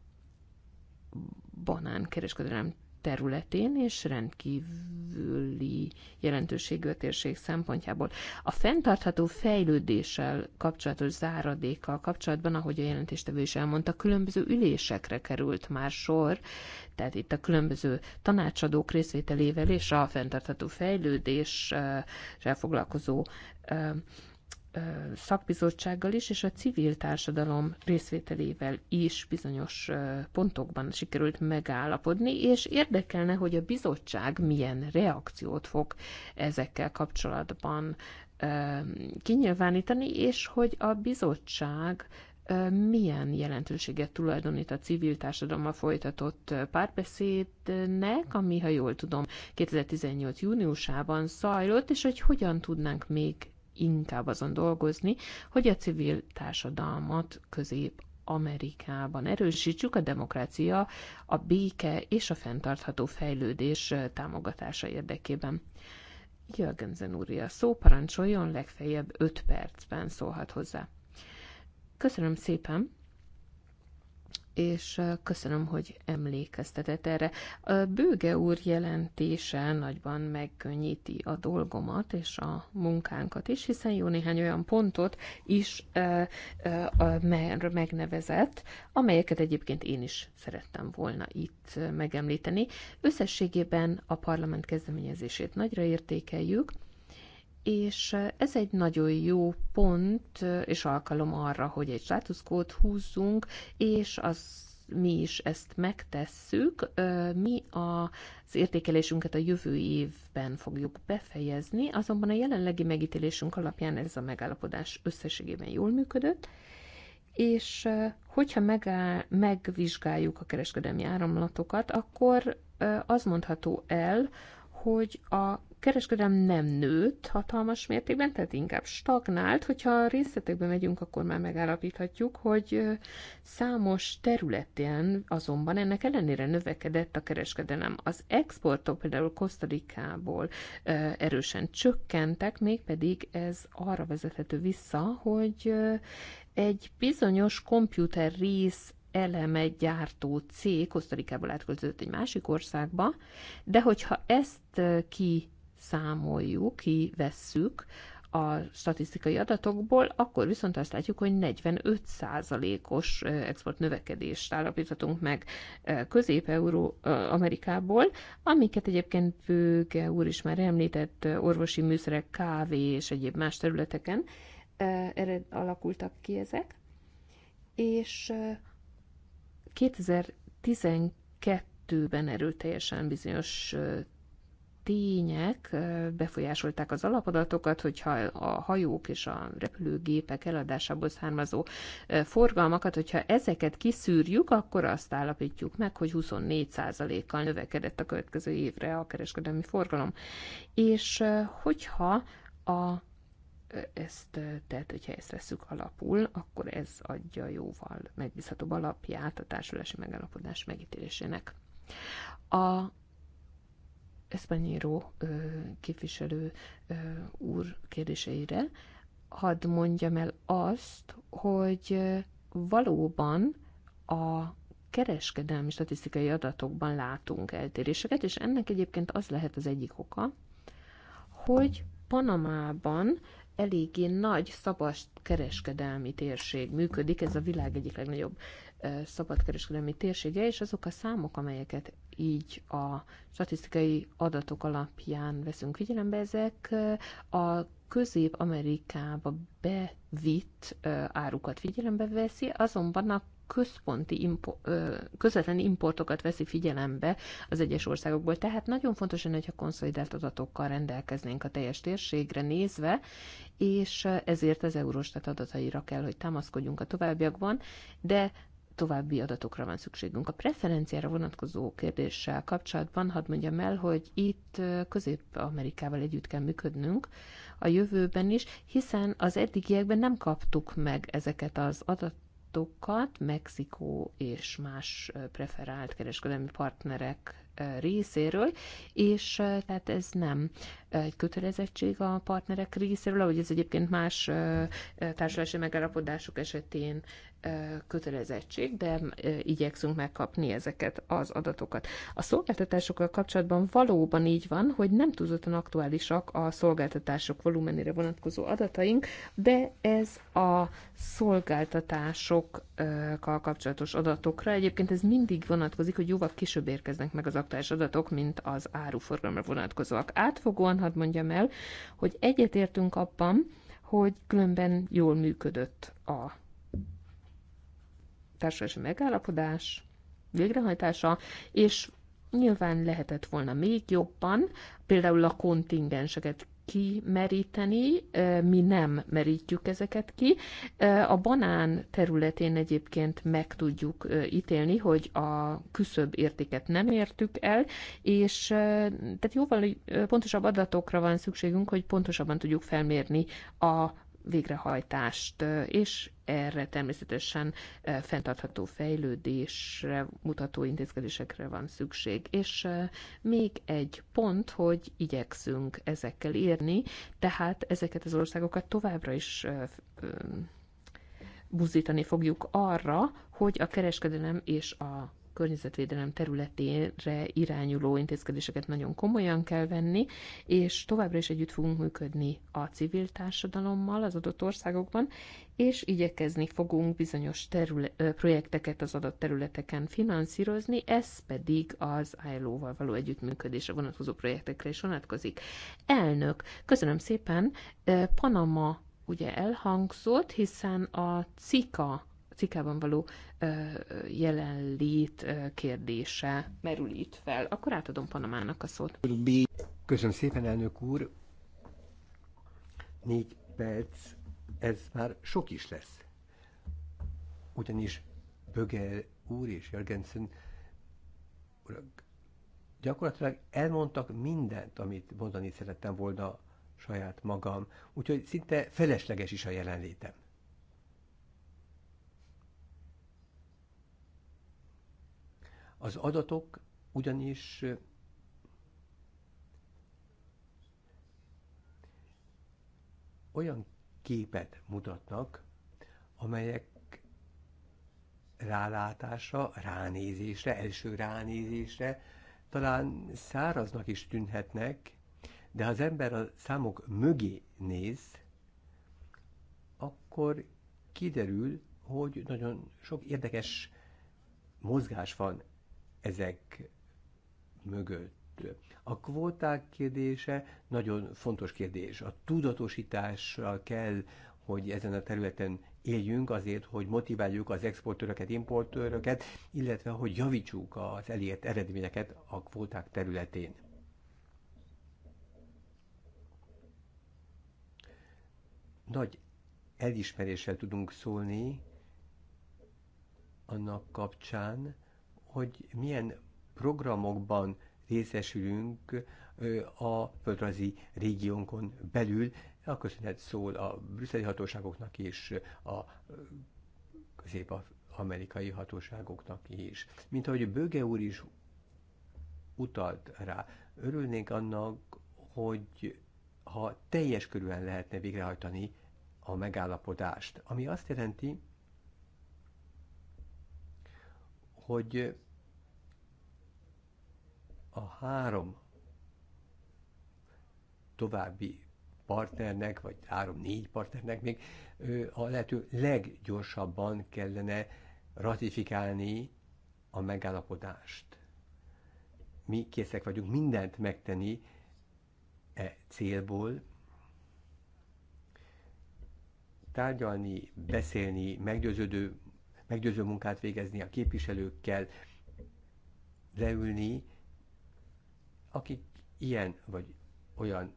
banán kereskedelem területén, és rendkívüli jelentőségű a térség szempontjából. A fenntartható fejlődéssel kapcsolatos záradékkal kapcsolatban, ahogy a jelentéstevő is elmondta, különböző ülésekre került már sor, tehát itt a különböző tanácsadók részvételével és a fenntartható fejlődéssel foglalkozó szakbizottsággal is, és a civil társadalom részvételével is bizonyos pontokban sikerült megállapodni, és érdekelne, hogy a bizottság milyen reakciót fog ezekkel kapcsolatban kinyilvánítani, és hogy a bizottság milyen jelentőséget tulajdonít a civil társadalommal folytatott párbeszédnek, ami, ha jól tudom, 2018 júniusában zajlott, és hogy hogyan tudnánk még inkább azon dolgozni, hogy a civil társadalmat közép Amerikában erősítsük a demokrácia, a béke és a fenntartható fejlődés támogatása érdekében. Jörgensen úr, a szó parancsoljon, legfeljebb 5 percben szólhat hozzá. Köszönöm szépen! és köszönöm, hogy emlékeztetett erre. A Bőge úr jelentése nagyban megkönnyíti a dolgomat és a munkánkat is, hiszen jó néhány olyan pontot is ö, megnevezett, amelyeket egyébként én is szerettem volna itt megemlíteni. Összességében a parlament kezdeményezését nagyra értékeljük, és ez egy nagyon jó pont és alkalom arra, hogy egy státuszkót húzzunk, és az mi is ezt megtesszük. Mi az értékelésünket a jövő évben fogjuk befejezni, azonban a jelenlegi megítélésünk alapján ez a megállapodás összességében jól működött, és hogyha megáll, megvizsgáljuk a kereskedelmi áramlatokat, akkor az mondható el, hogy a kereskedelem nem nőtt hatalmas mértékben, tehát inkább stagnált. Hogyha részletekbe megyünk, akkor már megállapíthatjuk, hogy számos területen azonban ennek ellenére növekedett a kereskedelem. Az exportok például Kosztadikából erősen csökkentek, mégpedig ez arra vezethető vissza, hogy egy bizonyos komputer rész eleme gyártó cég Kosztarikából átköltözött egy másik országba, de hogyha ezt ki számoljuk, vesszük a statisztikai adatokból, akkor viszont azt látjuk, hogy 45%-os export növekedést állapíthatunk meg Közép-Amerikából, euró amiket egyébként Bőge úr is már említett, orvosi műszerek, kávé és egyéb más területeken erre alakultak ki ezek. És 2012 ben erőteljesen bizonyos tények befolyásolták az alapadatokat, hogyha a hajók és a repülőgépek eladásából származó forgalmakat, hogyha ezeket kiszűrjük, akkor azt állapítjuk meg, hogy 24%-kal növekedett a következő évre a kereskedelmi forgalom. És hogyha a ezt, tehát hogyha ezt veszük alapul, akkor ez adja jóval megbízhatóbb alapját a társulási megállapodás megítélésének. A Eszpanyíró képviselő úr kérdéseire, hadd mondjam el azt, hogy valóban a kereskedelmi statisztikai adatokban látunk eltéréseket, és ennek egyébként az lehet az egyik oka, hogy Panamában eléggé nagy, szabas kereskedelmi térség működik, ez a világ egyik legnagyobb szabadkereskedelmi térsége, és azok a számok, amelyeket így a statisztikai adatok alapján veszünk figyelembe, ezek a Közép-Amerikába bevitt árukat figyelembe veszi, azonban a központi impo- közvetlen importokat veszi figyelembe az egyes országokból. Tehát nagyon fontos lenne, hogyha konszolidált adatokkal rendelkeznénk a teljes térségre nézve, és ezért az Eurostat adataira kell, hogy támaszkodjunk a továbbiakban, de további adatokra van szükségünk. A preferenciára vonatkozó kérdéssel kapcsolatban hadd mondjam el, hogy itt Közép-Amerikával együtt kell működnünk a jövőben is, hiszen az eddigiekben nem kaptuk meg ezeket az adatokat, adatokat Mexikó és más preferált kereskedelmi partnerek részéről, és tehát ez nem egy kötelezettség a partnerek részéről, ahogy ez egyébként más társadalmi megállapodások esetén kötelezettség, de igyekszünk megkapni ezeket az adatokat. A szolgáltatásokkal kapcsolatban valóban így van, hogy nem túlzottan aktuálisak a szolgáltatások volumenére vonatkozó adataink, de ez a szolgáltatásokkal kapcsolatos adatokra egyébként ez mindig vonatkozik, hogy jóval később érkeznek meg az aktuális adatok, mint az áruforgalomra vonatkozóak. Átfogóan hadd mondjam el, hogy egyetértünk abban, hogy különben jól működött a társadalmi megállapodás végrehajtása, és nyilván lehetett volna még jobban, például a kontingenseket kimeríteni, mi nem merítjük ezeket ki. A banán területén egyébként meg tudjuk ítélni, hogy a küszöbb értéket nem értük el, és tehát jóval pontosabb adatokra van szükségünk, hogy pontosabban tudjuk felmérni a végrehajtást, és erre természetesen fenntartható fejlődésre, mutató intézkedésekre van szükség. És még egy pont, hogy igyekszünk ezekkel érni, tehát ezeket az országokat továbbra is buzdítani fogjuk arra, hogy a kereskedelem és a környezetvédelem területére irányuló intézkedéseket nagyon komolyan kell venni, és továbbra is együtt fogunk működni a civil társadalommal az adott országokban, és igyekezni fogunk bizonyos terüle- projekteket az adott területeken finanszírozni, ez pedig az ILO-val való együttműködésre vonatkozó projektekre is vonatkozik. Elnök, köszönöm szépen, Panama ugye elhangzott, hiszen a CIKA cikában való jelenlét kérdése merül itt fel. Akkor átadom Panamának a szót. Köszönöm szépen, elnök úr. Négy perc, ez már sok is lesz. Ugyanis Böge úr és Jörgensen urak gyakorlatilag elmondtak mindent, amit mondani szerettem volna saját magam, úgyhogy szinte felesleges is a jelenlétem. Az adatok ugyanis olyan képet mutatnak, amelyek rálátása, ránézésre, első ránézésre talán száraznak is tűnhetnek, de ha az ember a számok mögé néz, akkor kiderül, hogy nagyon sok érdekes mozgás van ezek mögött. A kvóták kérdése nagyon fontos kérdés. A tudatosítással kell, hogy ezen a területen éljünk azért, hogy motiváljuk az exportőröket, importőröket, illetve hogy javítsuk az elért eredményeket a kvóták területén. Nagy elismeréssel tudunk szólni annak kapcsán, hogy milyen programokban részesülünk a földrajzi régiónkon belül, a köszönet szól a brüsszeli hatóságoknak és a közép-amerikai hatóságoknak is. Mint ahogy Böge úr is utalt rá, örülnénk annak, hogy ha teljes körülön lehetne végrehajtani a megállapodást, ami azt jelenti, hogy a három további partnernek, vagy három-négy partnernek még a lehető leggyorsabban kellene ratifikálni a megállapodást. Mi készek vagyunk mindent megtenni e célból, tárgyalni, beszélni, meggyőződő meggyőző munkát végezni a képviselőkkel, leülni, akik ilyen vagy olyan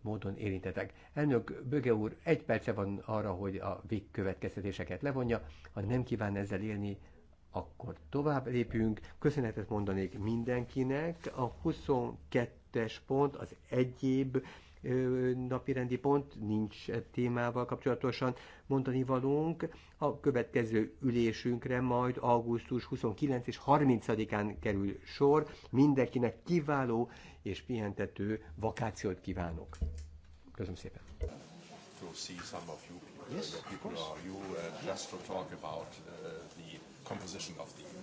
módon érintetek. Elnök Böge úr, egy perce van arra, hogy a végkövetkeztetéseket levonja, ha nem kíván ezzel élni, akkor tovább lépünk. Köszönetet mondanék mindenkinek. A 22-es pont az egyéb napirendi pont, nincs e témával kapcsolatosan mondani valónk. A következő ülésünkre majd augusztus 29 és 30-án kerül sor. Mindenkinek kiváló és pihentető vakációt kívánok. Köszönöm szépen. see some of you, yes, of people you uh, just to talk about uh, the composition of the